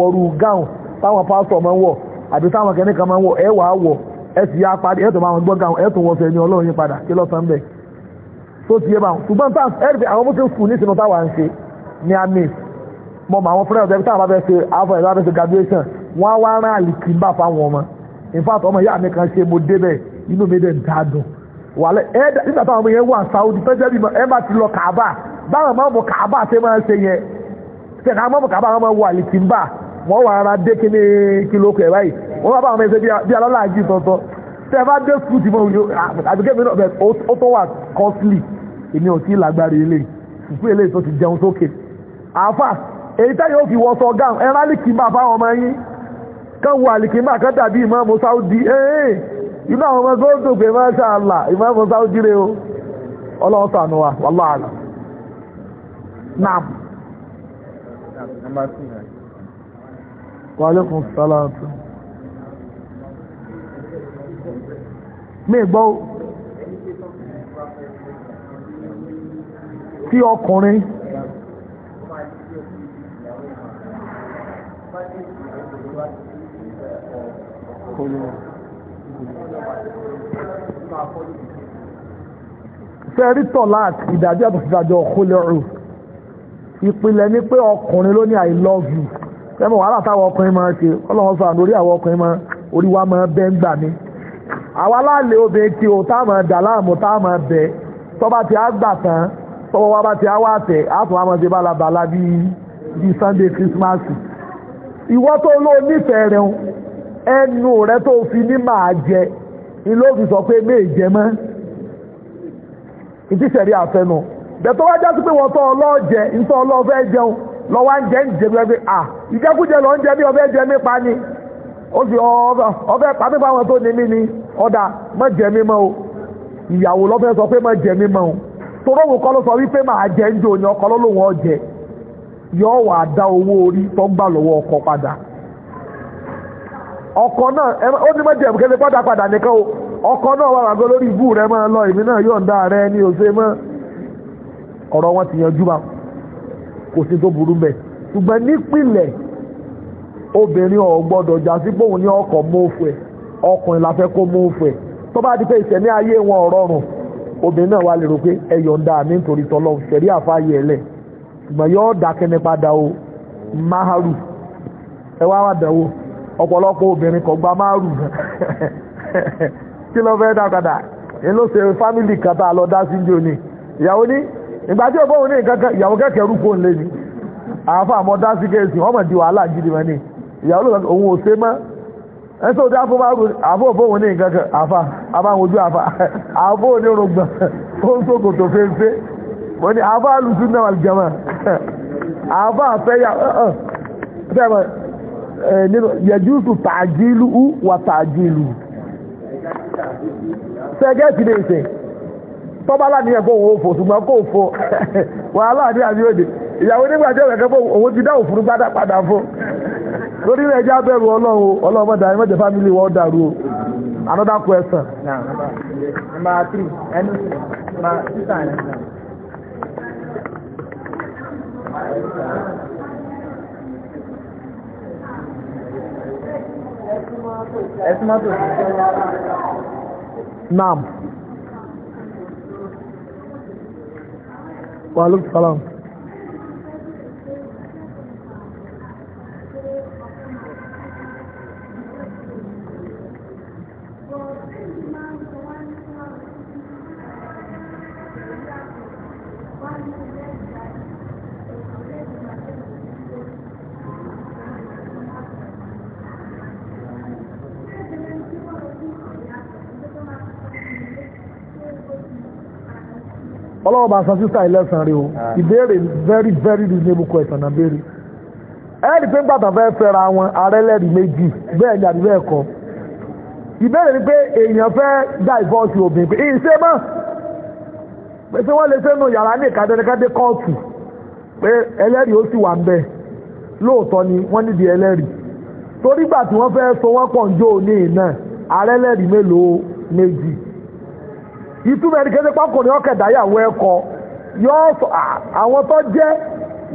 S2: wọ ru gáùn táwọn pásítọ̀ máa ń wọ̀ àbí táwọn máa ń wọ̀ ẹ mo mọ àwọn fúnra ọ̀sẹ̀ táwọn bá fẹ́ ṣe àwọn ẹ̀rọ abẹ́ṣe graduation wọ́n á wá rán àlìkì bá fáwọn ọmọ in fact ọmọ ìyá mi kan ṣe mo débẹ̀ inú mi dẹ̀ ń ta dùn wàlẹ̀ ẹ nígbà táwọn ọmọ yẹn wà Saudi tẹ́jẹ́ bí ẹ bá ti lọ kàábà báwọn ọmọ kàábà ṣe máa ń ṣe yẹn ṣe ká ọmọ kàábà wọn máa wọ àlìkì bá wọn wà ara dé kíní kìló kẹ báyìí wọn bá àwọn ẹsẹ bí alọ́lá àjí tọ̀tọ̀ tẹ ẹ bá dé skul tí mo àbíkẹ́ mi náà ó tó wà costly èmi ò tí ì lágbára eléyìí sùkúl eléyìí tó ti jẹun sókè àáfà èyí tẹ́ yóò fi wọ́sọ gáàm ẹ̀rọ alìkìmbà fáwọn ọmọ yín kan wo alìkìmbà kan dàbí ìmáàmù Saudi ẹ̀ẹ́ inú àwọn ọmọ góòdò pé masha Allah ìmáàmù Saudi rẹ o ọlọ́run ṣàánú wa wallahu a'lam naam. wa tí sẹ́rí tọ́láàt ìdájọ́ àti ìdájọ́ ọ̀kọ́lẹ́rù ìpìlẹ̀ ni pé ọkùnrin ló ní i love you ẹmọ wàhálà táwọn ọkùnrin máa ń ṣe ọlọ́run sọ àdórí àwọn ọkùnrin máa orí wa máa bẹ́ ń gbà mí àwa láàlè obìnrin tí o tá máa dà láàmú tá máa bẹ tọ́ba ti á gbà tán tọ́wọ́ wa bá ti á wà tẹ̀ á tún wá máa ṣe bálabàla bíi bíi Sunday Christmas ìwọ́ tó lóo nífẹ̀ẹ́ rẹ̀ ẹnu rẹ tó fi ní máa jẹ ni ló fi sọ pé méè mọ́ ìtísẹ̀rí àfẹnu bẹ̀tọ́ wá jásí pé wọ́n tọ́ ọlọ́ọ̀jẹ ntọ́ ọlọ́ọ̀fẹ́ jẹun lọ́wọ́ ń jẹ ń jẹ gbẹgbẹ à ìjẹkújẹ lọ ń jẹ bí ọfẹ́ jẹ nípa ni ó sì ọfẹ́ tó ni ọ̀dà mọ́ jẹ mí mọ́ o ìyàwó lọ́fẹ́ sọ pé mọ́ jẹ mí mọ́ o toróhùn kọ́ ló sọ wípé máa jẹ ń ọkọ̀ náà ó ní mọ́jẹ̀ ìbùkẹ́lẹ́ pátá padà nìkan o ọkọ̀ náà wà wàgbọ́ lórí ibú rẹ máa lọ èmi náà yóò ń rẹ ní òṣè mọ́ ọ̀rọ̀ wọn ti yanjú bá kò sí tó burú ṣùgbọ́n nípìnlẹ̀ obìnrin gbọ́dọ̀ jà sí ní ọkọ̀ mọ́ọ̀fù ẹ̀ ọkùnrin la fẹ́ kó mọ́ọ̀fù ẹ̀ tó bá wọn obìnrin náà wà pé ẹ mi nítorí tọ́lọ́ àfáyé ṣùgbọ́n ọ̀pọ̀lọpọ̀ obìnrin kò gba márùn kí ló fẹ́ dá padà èyí ló ṣe fámìlì kan lọ dá sí ní ìyàwó ní ìgbà tí òbóhùn ní nǹkan ìyàwó kẹ̀kẹ́ rúkọ ńlé ni àáfà àmọ́ dá sí kéèsì wọ́n mọ̀ di wàhálà gidi wọn ni ìyàwó lọ́sọ̀ òun ò sé mọ́ ẹ̀sọ́ òdí afọ́ márùn àfọ́ òbóhùn ní nǹkan kan àfà abáwọn ojú àfà àfọ́ onírùngbọ̀n ó ń sókòtò fẹ́fẹ́ wọ́n ni àfà alùsùn náà jẹ́mọ̀ nínú yẹjúùsù tààjílù ú wà tààjílù sẹ́gẹ́tì ní ìsẹ̀ tọ́bá láàrin ẹ̀kọ́ òun òfò ṣùgbọ́n kò fò *laughs* ìyàwó nígbàtí ọ̀rẹ́ kẹ́kọ́ òun ti dá òfurú gbádá padà fún o another question.
S1: number
S3: ẹ̀sùn mọ́tò naam
S2: wàhálùkù sálàmù. ọlọ́wọ́ bá san sísá ẹlẹ́sàn rí o ah. ìbéèrè very very reasonable question náà béèrè ẹ̀ẹ́dì pé gbàtà fẹ́ fẹ́ra wọn ààrẹ lẹ́rìí méjì bẹ́ẹ̀ ni àdúgbò ẹ̀kọ́ ìbéèrè ni pé èèyàn fẹ́ divorce obìnrin pé ìṣe mọ́ pé tí wọ́n lè sẹ́nu yàrá ní ìkádẹ́nikádé kóòtù pé ẹlẹ́rìí ó sì wà ń bẹ̀ lóòótọ́ ni wọ́n nídìí ẹlẹ́rìí torí gbà tí wọ́n fẹ́ so wọ́n pọ̀ ń jó òní náà ààrẹ lẹ́rìí mélòó méjì ìtumọ̀ ẹni kẹ́sẹ́ pákùnrin ya ẹ̀kọ́ yóò sọ àwọn tó jẹ́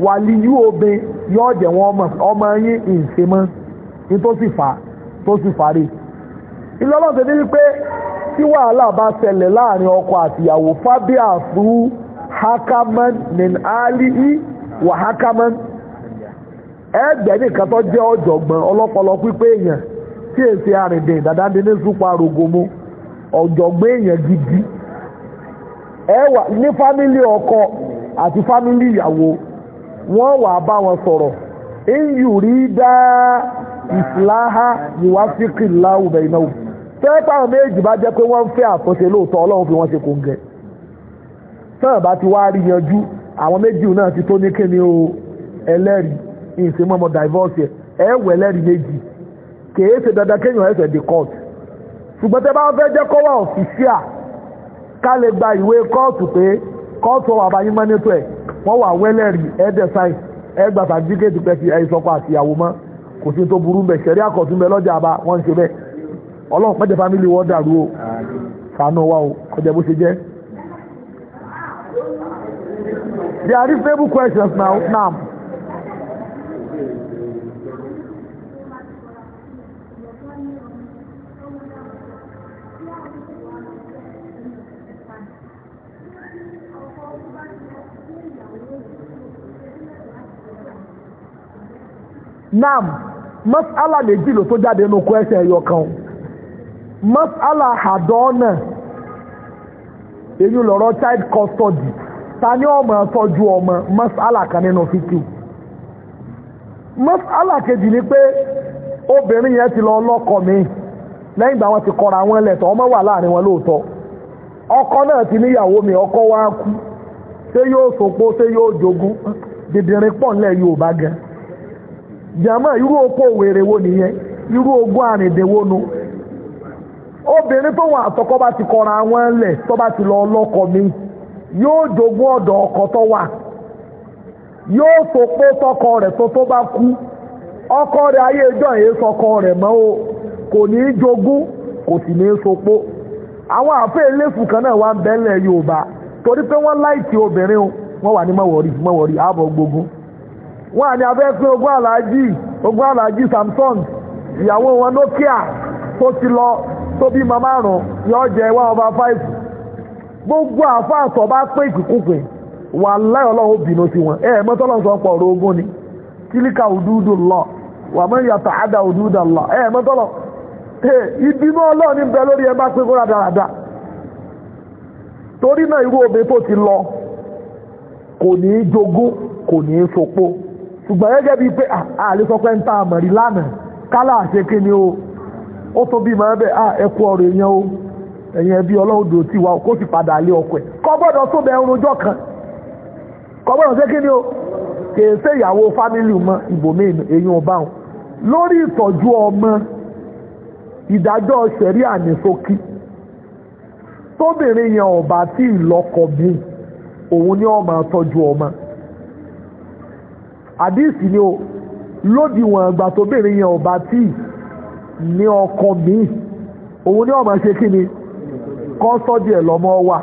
S2: wàlíyú obe yóò jẹ wọn ọmọ yín ìṣemọ́ ní fà tó fàrí. ìlọ́lọ́ ti ní wípé tí wàhálà bá ṣẹlẹ̀ láàrin Fabian àtìyàwó fábíà fún hakaman nin alihi wa hakaman ẹgbẹ́ tó jẹ́ ọ̀jọ̀gbọ́n ọlọ́pọlọ pípé èèyàn tí èsì àrìndìn dàdá dín ní súpa rògbòmù èèyàn gidi ẹ wà ní ọkọ àti fámílì ìyàwó wọ́n wà bá wọn sọ̀rọ̀ ìyùrí dá ìsìláhá ìwà fíkìlá ọbẹ̀ ìnáwó tẹ́ẹ̀pá àwọn méjì bá jẹ́ pé wọ́n ń fẹ́ àtúnṣe lóòótọ́ ọlọ́run fi wọ́n ṣe gẹ bá ti wá rí yanjú àwọn méjì náà ti tó ní kíni o eleri méjì kèé ṣe dandan kéèyàn ṣùgbọ́n fẹ́ jẹ́ kọ́wà ọ̀fíṣíà ká lè gba ìwé kóòtù pé kóòtù ọwọ́ àbáyé mọ́ nítò ẹ̀ wọ́n wà wẹ́lẹ́rì ẹ̀ẹ́dẹ̀ sáì ẹgbà sàdíkẹ́tì pẹ́ fi ẹ̀sọ́kọ àti ìyàwó mọ́ kò sí tó burú bẹ̀ ṣẹ̀rí àkọ̀tún bẹ lọ́jà àbá wọ́n ń ṣe bẹ́ẹ̀ ọlọ́run pẹ́jẹ fámílì wọ́n dàrú o sànú wa o kọjá bó ṣe jẹ́. There are reasonable questions now. now. naam masala méjì ló tó jáde nínú kwẹ́sẹ̀ ẹ̀yọ kan masala náà èyí lọrọ child custody ta ni ọmọ ẹ̀tọ́jú ọmọ masala kan nínú fíkì masala kejì ni pé obìnrin yẹn ti lọ lọ́kọ mi lẹ́yìn ìgbà wọn ti kọra wọn lẹ̀tọ̀ ọmọ wà ọkọ náà ti níyàwó mi ọkọ wa kú ṣé yóò ṣé yóò jogún dìdìrín pọ̀ nílẹ̀ jàmá irú ọkọ òwèrè wo nìyẹn irú ogún àrìndínwó nu obìnrin tó wọn àtọkọ bá ti kọra àwọn lẹ̀ tó bá ti lọ ọlọkọ mi yóò jogún ọdọ ọkọ tó wà yóò tó pé tọkọ rẹ̀ tó tó bá kú ọkọ rẹ̀ ayé ìjọ yìí sọkọ rẹ̀ mọ́ o kò ní í jogún kò sì ní í sopó àwọn àfẹ́ eléfù kan náà wà ń bẹ́ńlẹ̀ Yorùbá torí pé wọ́n láìsí obìnrin o wọ́n wà ní mọ̀wọ́rí mọ̀wọ́rí ààbọ̀ gbogbo nwaanyị abẹ́ pé ogún aláàjì ogún aláàjì samson ìyàwó wọn nokia tó ti lọ tó bímọ márùn yọ jẹ one over five gbogbo àfáà bá pé ìkúkúpè wà láì ọlọ́run obìnrin sí wọn ẹ mọ́tọ́ lọ́n sọ pọ̀ ọ̀rọ̀ ogún ni tílíkà òdúdú lọ wà mọ́ ìyàtọ̀ àdá òdúdú lọ mọ́tọ́ lọ ní bẹ lórí ẹ bá pé torí náà irú obìnrin tó ti lọ kò ní í jogún ṣùgbọ́n gẹ́gẹ́ bíi pé àlesọpẹ́ ń ta àmọ̀rí lánàá kálá àṣẹ kí ni o ó tó bí màá bẹ̀ ẹkú ọ̀rọ̀ èèyàn o ẹ̀yìn ẹbí ọlọ́run dò tí wa kó padà lé ẹ̀ kan kò o kèé ṣe ìyàwó mọ ọmọ ìdájọ́ tóbìnrin yẹn tí ni tọ́jú ọmọ àdíìsì ni o lódiwọ̀n ìgbà tó béèrè yẹn ọba tí ní ọkọ míì òun ní ọmọ ṣe kí ni kọ́ sọ́dí ẹ̀ lọ́mọ wa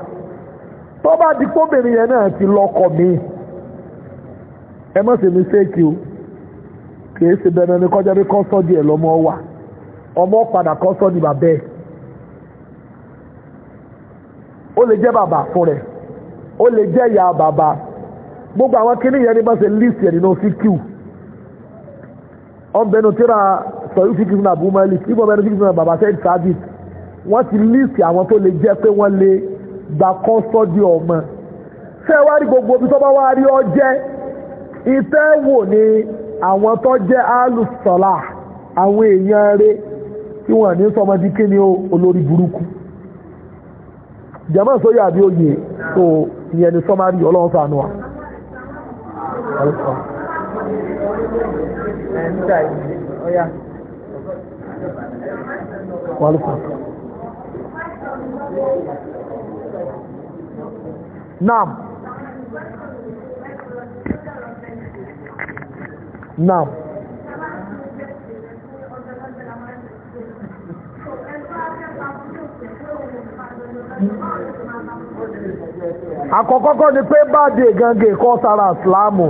S2: tó bá di póbìnrin yẹn náà ti lọ́kọ míì ẹ má ṣe mistake o kì í ṣe bẹ́ẹ̀ ni kọjá bí kọ́ sọ́dí ẹ̀ lọ́mọ wa ọmọ padà kọ́ sọ́dí bàbá ẹ̀ ó lè jẹ́ bàbá fún rẹ̀ ó lè jẹ́ ìyá bàbá fún gbogbo àwọn kíní yẹn ni bá ṣe list yẹn nínú fíkìú ọ̀bẹ̀nu tíra sọ̀rọ̀ fíkìú náà Abu Malik ibò ọ̀bẹ̀nu fíkìú náà bàbá sẹ́yìn sábìt wọ́n ti list àwọn tó lè jẹ́ pé wọ́n lè gba kọ́sọ́dì ọmọ ṣé wá rí gbogbo ibi tó bá rí ọ jẹ́ ìtẹ́ wò ni àwọn tó jẹ́ alùsọ̀là àwọn èèyàn rẹ̀ tí wọ́n ní sọmọdé kíni olórí burúkú jẹ́mọ̀ sóyè àbí òye tó ìyẹn ni sọmọdé ọlọ́run sànú wa orúkọ
S1: ẹ̀ ń ta ìwé ọ̀yà
S2: orúkọ. Naam. Naam.
S3: Thank you. àkọ́kọ́
S2: kọ́ ni pé báàdì gangan ìkọ́ sára ìsìláàmù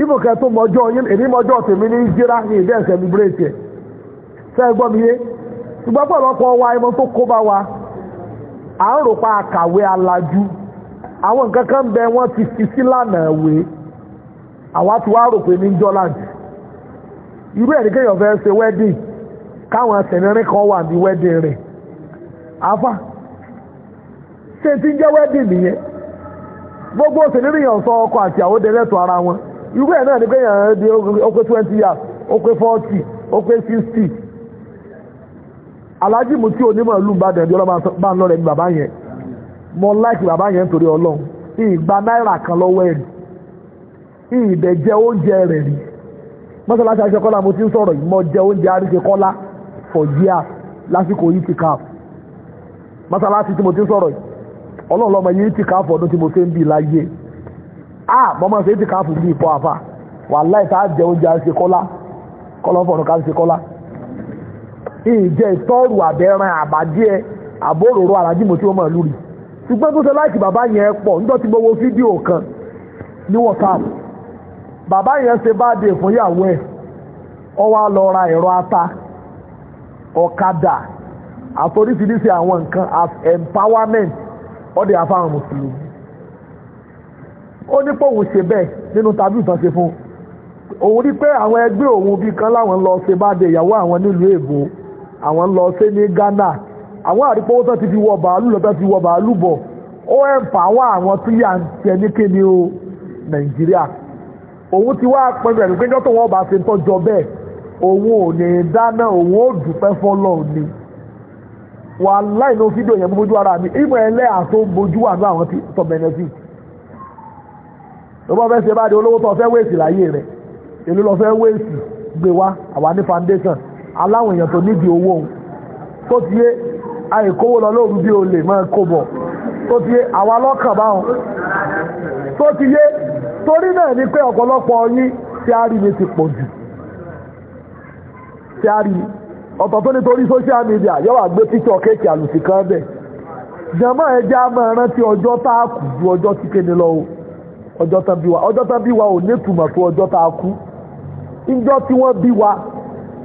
S2: ibò kẹtù mọ́jọ́ èmi mọ́jọ́ tèmi ní ìjírá ní ìdẹ́ celebrate ẹ̀ sẹ́ gbọ́ mi yé ṣùgbọ́n wa ẹmọ àkàwé alájú àwọn nǹkan kan bẹ ti fi sí ìwé àwa ti wá rò pé ní irú wedding káwọn kan wà wedding ṣé ti nje jẹ́ wedding nìyẹn gbogbo òṣèlú ya sọ ọkọ àti àwọn òde lẹ́tọ̀ọ́ ara wọn irú ẹ̀ náà ni pé èèyàn di ó pé twenty years ó pé forty ó sixty aláàjì mú tí onímọ̀ ìlú ìbàdàn ẹ̀bí ọlọ́mọ bá ń lọ rẹ̀ ní bàbá yẹn mo láìkì bàbá yẹn nítorí ọlọ́run ìgbà náírà kan lọ́wọ́ oúnjẹ rẹ̀ rí mọ́sálásí mo ti ń sọ̀rọ̀ yìí oúnjẹ àríṣe kọ́lá ọlọ́run lọ́mọ yìí ti káfọ́ ọdún tí mo fẹ́ ń bì láyé a mọ́mọ́ ṣe ti káfọ́ bí ipò àfà wàláhì tá a jẹ oúnjẹ àṣẹ kọ́lá kọ́lọ́fọ̀ọ́nù ká ṣe kọ́lá ìjẹ́ ìtọ́rù àbẹ̀rẹ̀ àbájẹ́ àbóròrò àràjìmò tí wọ́n mọ̀ lórí ṣùgbọ́n tó ṣe láìkì bàbá yẹn pọ̀ níjọ́ tí mo wo fídíò kan ní WhatsApp bàbá yẹn ṣe bá dé fún yàwó ẹ̀ ó wá lọ ra ẹ̀rọ ata ọ̀kadà àforíṣiríṣi àwọn nǹkan as empowerment ọdẹ afáhàn mùsùlùmí ó ní pòun ṣe bẹ́ẹ̀ nínú tàbí ìtàn ṣe fún òun rí pé àwọn ẹgbẹ́ òun bíi kan láwọn lọ ṣe bá de ìyàwó àwọn nílùú èbó àwọn lọ ṣe ní Ghana àwọn àrípọ̀ owó tán ti fi wọ bàálù lọ tán ti wọ bàálù bọ̀ ó ẹ̀ fà wá àwọn tí yà ń tẹ ní o Nàìjíríà òun ti wá pẹ̀lú ẹ̀rù pé jọ́tò wọn bá ṣe tọ́jọ bẹ́ẹ̀ òun ò ní dáná òun ò dúpẹ́ fọ́lọ́ọ̀ ni wà láì ló fídíò yẹn bójú ara mi ìmọ̀ ẹlẹ́ àtó bójú wà ní àwọn tó benefit lọ́wọ́ fẹ́ ṣe bá di olówó tó fẹ́ wéèsì láyé rẹ̀ èló lọ fẹ́ wéèsì gbé wá àwa ní foundation aláwọn èèyàn tó nídìí owó òun tó ti yé àìkówó lọ lóòrù bí o lè máa kó bọ̀ tó ti yé àwa lọ́kàn báwọn tó ti yé torí náà ni pé ọ̀pọ̀lọpọ̀ yín tí a rí mi ti pọ̀ jù tí a rí mi ọ̀tọ̀ tó nítorí social media yóò wá gbé píṣọ̀ kéèkì àlùsì kan bẹ̀ jẹ́mọ́ ẹja rántí ọjọ́ tá a kù ju ọjọ́ tí kéde lọ o ọjọ́ tán bí wa ọjọ́ tán bí wa ò tó ọjọ́ tá a kú tí wọ́n bí wa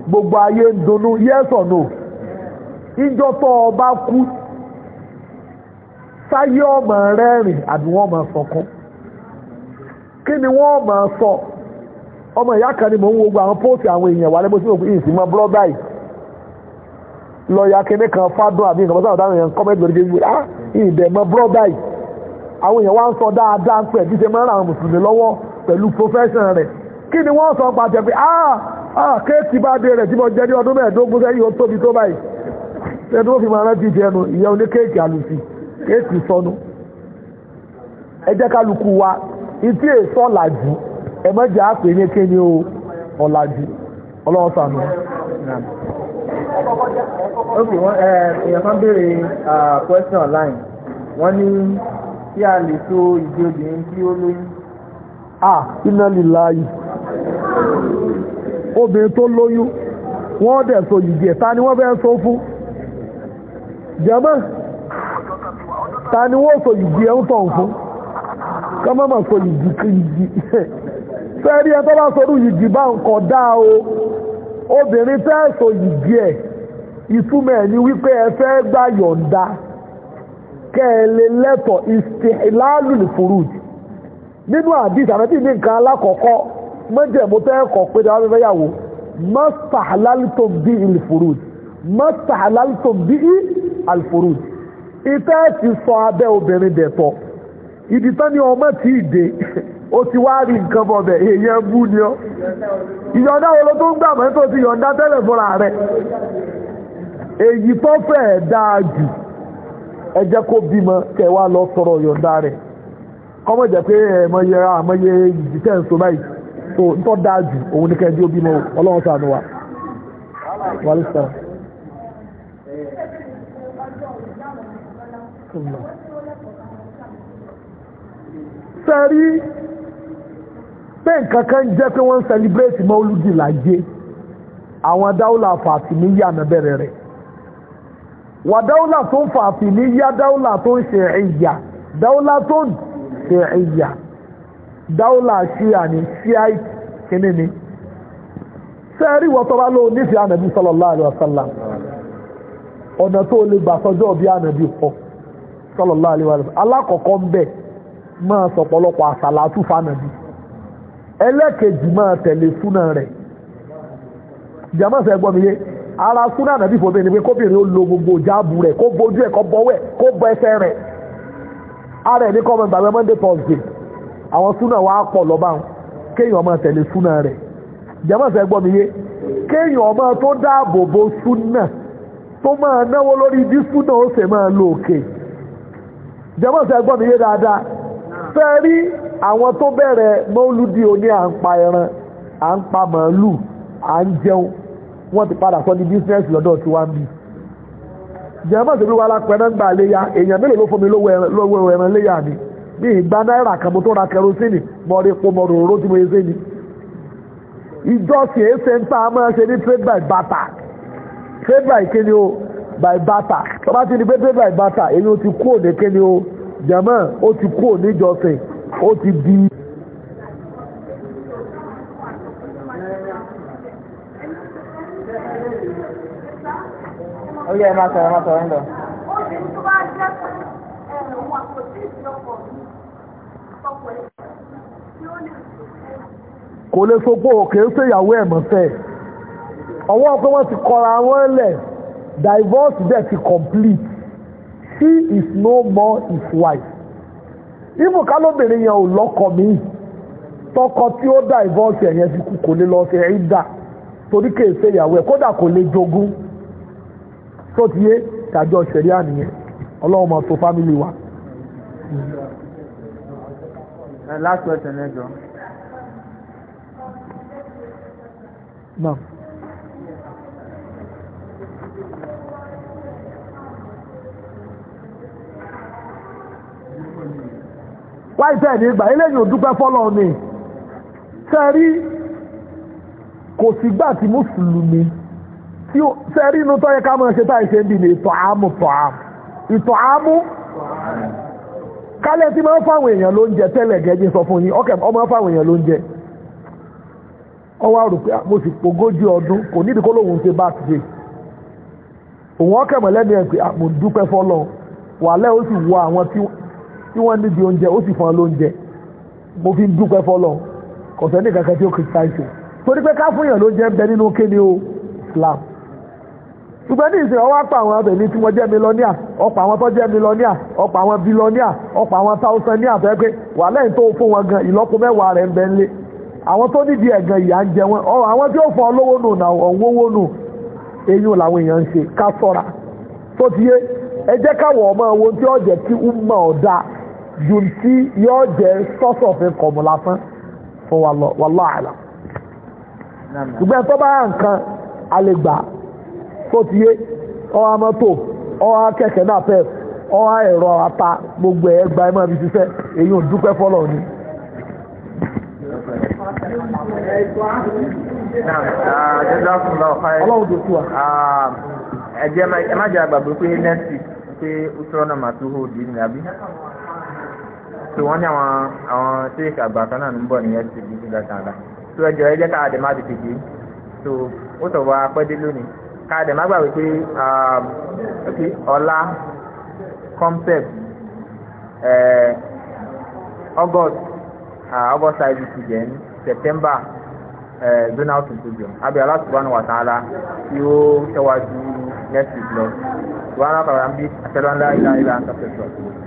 S2: gbogbo ayé ń dunnú yes or no tó o bá kú sáyé ọmọ rẹ́rìn àbí wọ́n kí sọ ọmọ ìyá kan ni mò ń wo gbogbo àwọn póòtù àwọn èèyàn wà òkú ìsìn mọ́ lọ́ọ̀yà kẹ́mẹ́ kan fádùn àbí nǹkan a ọ̀daràn yẹn kọ́mẹ́tì lórí facebook ah ìdẹ̀mọ́ brọ́dà yìí àwọn èèyàn wá ń sọ dáadáa pẹ̀ bí ṣe máa ń ra àwọn mùsùlùmí lọ́wọ́ pẹ̀lú profession rẹ̀ kí ni wọ́n sọ pàṣẹ pé ah ah kéèkì bá dé rẹ̀ tí mo jẹ́ ní ọdún mẹ́ẹ̀ẹ́dógún sẹ́yìn ó tóbi tó báyìí ẹ̀dùn ok wọ́n ẹ eh, èèyàn kan
S1: béèrè question online wọ́n ní tí a lè so ìdí obìnrin tí ó lóyún. ah
S2: iná líla yìí obìnrin tó lóyún wọ́n dẹ̀ so ìdí ẹ̀ ta ni wọ́n fẹ́ so fún jẹ́mọ́ ta ni wọ́n so ìdí ẹ̀ ń tọ̀ fún kọ́mọ́mọ́ so ìdí ìdí fẹ́ẹ́ rí ẹ tó bá sọ́dún ìdí bá ń kọ̀ dáa o obìnrin fẹ́ so ìdí ẹ̀ ìtumọ̀ ẹ̀ ni wípé ẹ fẹ́ gbà yọ̀ǹda kẹ́ ẹ lè lẹ́tọ̀ ìsìláàlù nìfúrúùjì nínú àdìsí àmẹ́tí ní nǹkan alákọ̀ọ́kọ́ mọ́jẹ̀mú tẹ́ kọ̀ pé dáwọ́ fẹ́ yàwó mọ́sàlálítò bí ìlìfúrúùjì mọ́sàlálítò bí ìlìfúrúùjì ìtẹ́ ti ni ọmọ tí ì dé ó ti wá rí nǹkan bọ̀bẹ̀ èèyàn bú ni ọ́ ìyọ̀ǹda wo ló tó ń gbà mọ́ tó ti yọ̀ǹda tẹ́lẹ̀ fúnra rẹ̀ èyí tó fẹ́ dáa jù ẹ jẹ́ kó bímọ kẹ́ wá lọ tọrọ yọ̀ǹda rẹ̀ kọ́mọ̀ jẹ́ pé ẹ̀mọ̀ yẹra àmọ́ yẹ di ń so báyìí so ń tọ́ dáa jù òun ní kẹ́ndí ó bímọ ọlọ́run ṣàánú wa sẹ́rí pé nǹkan kan jẹ́ pé wọ́n ń mọ́ àwọn wà dáúlà tó ń fà fi ní yá dáúlà tó ń ṣe ìyà dáúlà tó ń ṣe ìyà dáúlà ṣíà ní ṣíà kìíní ni sẹ́ẹ̀rí wọ́tọ́rá ló nífẹ̀ẹ́ ànàbí sallallahu alaihi wasallam ọ̀nà tó lè gbà sọjọ́ bí ànàbí pọ̀ sallallahu alaihi wasallam alákọ̀ọ́kọ́ ń bẹ̀ máa sọ̀pọ̀lọpọ̀ àsàlátù fànàbí ẹlẹ́kejì máa tẹ̀lé súnà rẹ̀ jàmáà sẹ́gbọ́n ara suna nàbí fòbìnrin ni pé kóbìnrin ó lo gbogbo jáàbù rẹ̀ kó bojú ẹ̀ kó bọ́wẹ̀ kó bọ ẹsẹ̀ rẹ̀ ara ẹ̀ kọ́ ọmọ monday thursday àwọn wa pọ̀ lọ́ba kéèyàn ọmọ tẹ̀lé súnà rẹ̀ jẹ́mọ̀sẹ̀ gbọ́ mi yé kéèyàn ọmọ tó dáàbò bo suna tó máa náwó lórí bí súnà ó sì máa lo òkè jẹ́mọ̀sẹ̀ gbọ́ mi yé dáadáa fẹ́ àwọn tó bẹ̀rẹ̀ mọ́lúdì oní wọ́n ti padà sọ ní business lọ́dọ̀ tí wọ́n ń bì jẹ́mọ́ sí wíwá alápẹ́ náà gbà léyà èèyàn mélòó ló fún mi lówó ẹran léyà ni bí ìgbà náírà kan mo tó ra kẹrosínì mọ̀rí epo mọ̀rọ̀ òróró tí mo ṣe ni ìjọsìn èsè ń tà á máa ṣe ní trade by barter trade by kíni o by barter tó bá ti di pé trade by barter èyí ó ti kú òní kíni o jẹ́mọ́ ó ti kú òní ìjọsìn ó ti di.
S3: ó yẹ máa sọ̀rọ̀ máa sọ̀rọ̀ ń lọ. obìnrin tó bá jẹ́ pé ẹ̀rùn àpótí ìjọpọ̀ mi ọkọ̀ ẹ̀ tí
S2: kò lè sopó òkè ṣèyàwó ẹ̀mọ̀ ọwọ́ pé wọ́n ti kọra wọn lẹ̀ divorce dẹ̀ ti complete she is no more his wife ibùn kálóbìnrin yẹn ò lọ́kọ mi tọkọ tí ó divorce ẹ̀yẹn ti kú kò lè lọ sí ẹ̀yìn dà torí kèé ṣèyàwó ẹ̀ kódà kò lè jogún tó ti yé tàjọ ṣẹ̀ríà nìyẹn ọlọ́run máa wa. last question ẹ jọ. náà. wáyé tẹ́ ní ìgbà eléyìí ò dúpẹ́ fọ́lọ́ ni kò tí mùsùlùmí tí ó sẹ́rí inú tọ́yẹ ká máa ṣe táì ṣe ń bì ní ìtọ̀ámù tọ̀ámù ìtọ̀ámù kálẹ̀ tí máa ń fáwọn èèyàn ló ń jẹ tẹ́lẹ̀ sọ fún yín ọkẹ̀ ọmọ fáwọn èèyàn ló ń jẹ ọwọ́ rò pé ah, mo sì pogójì ọdún kò nídìí kó lóun ṣe òun ọkẹ̀ ẹ̀ pé ah, mo dúpẹ́ wàlẹ́ ó sì wọ àwọn tí wọ́n nídìí oúnjẹ ó sì lóúnjẹ mo fi ń dúpẹ́ kọ̀sẹ́ tí ó torí pé ṣùgbọ́n ní ìsìn ọwọ́ apá àwọn abẹ̀mí tí wọ́n jẹ́ mílọ́níà ọ̀pọ̀ àwọn tó jẹ́ mílọ́níà ọ̀pọ̀ àwọn bílọ́níà ọ̀pọ̀ àwọn táwùsàn ní àfẹ́ pé wà lẹ́yìn tó fún wọn gan ìlọ́po mẹ́wàá rẹ̀ ń bẹ ńlé àwọn tó nídìí ẹ̀gàn ìyà ń jẹ wọn ọ̀rọ̀ àwọn tí ó fọ olówó nù nà ọ̀wọ́wó nù eyín làwọn èèyàn ń ṣe ká sọ́ra tó ti yé ẹ jẹ́ káwọ̀ ọmọ wo tí ó jẹ́ kí umma ọ̀dà ju tí yóò jẹ́ sọ́sọ̀ fi kọ̀mù lásán fún wa lọ wàláàlà ṣùgbọ́n tó bá nǹkan a gbà tó ti yé ọwọ́ mọ́tò ọwọ́ kẹ̀kẹ́ náà pep ọwọ́ ẹ̀rọ ata gbogbo ẹ̀ gba ẹ̀ máa fi ṣiṣẹ́ èyí ò dúpẹ́ fọ́lọ̀ ni. ọlọ́run
S1: ah, next week pé ó tọ́rọ náà màá tó hold ní àbí so wọ́n ní àwọn àwọn tíríkì àgbà kan náà ń bọ̀ nìyẹn ti di gbígbà kan ẹjọ́ ẹ jẹ́ ká ti tètè so ó sọ wá lónìí káàdẹ̀ má gbàgbé pé ọ̀la concept august august ibc jẹ́ ní september zonal symposium abẹ́ aláṣùwánu wàtàlá tí ó tẹ́wájú next week lọ wàhálà kàwé àbí àtẹ́lọ́ńdá ìlà ìlà àtàkùn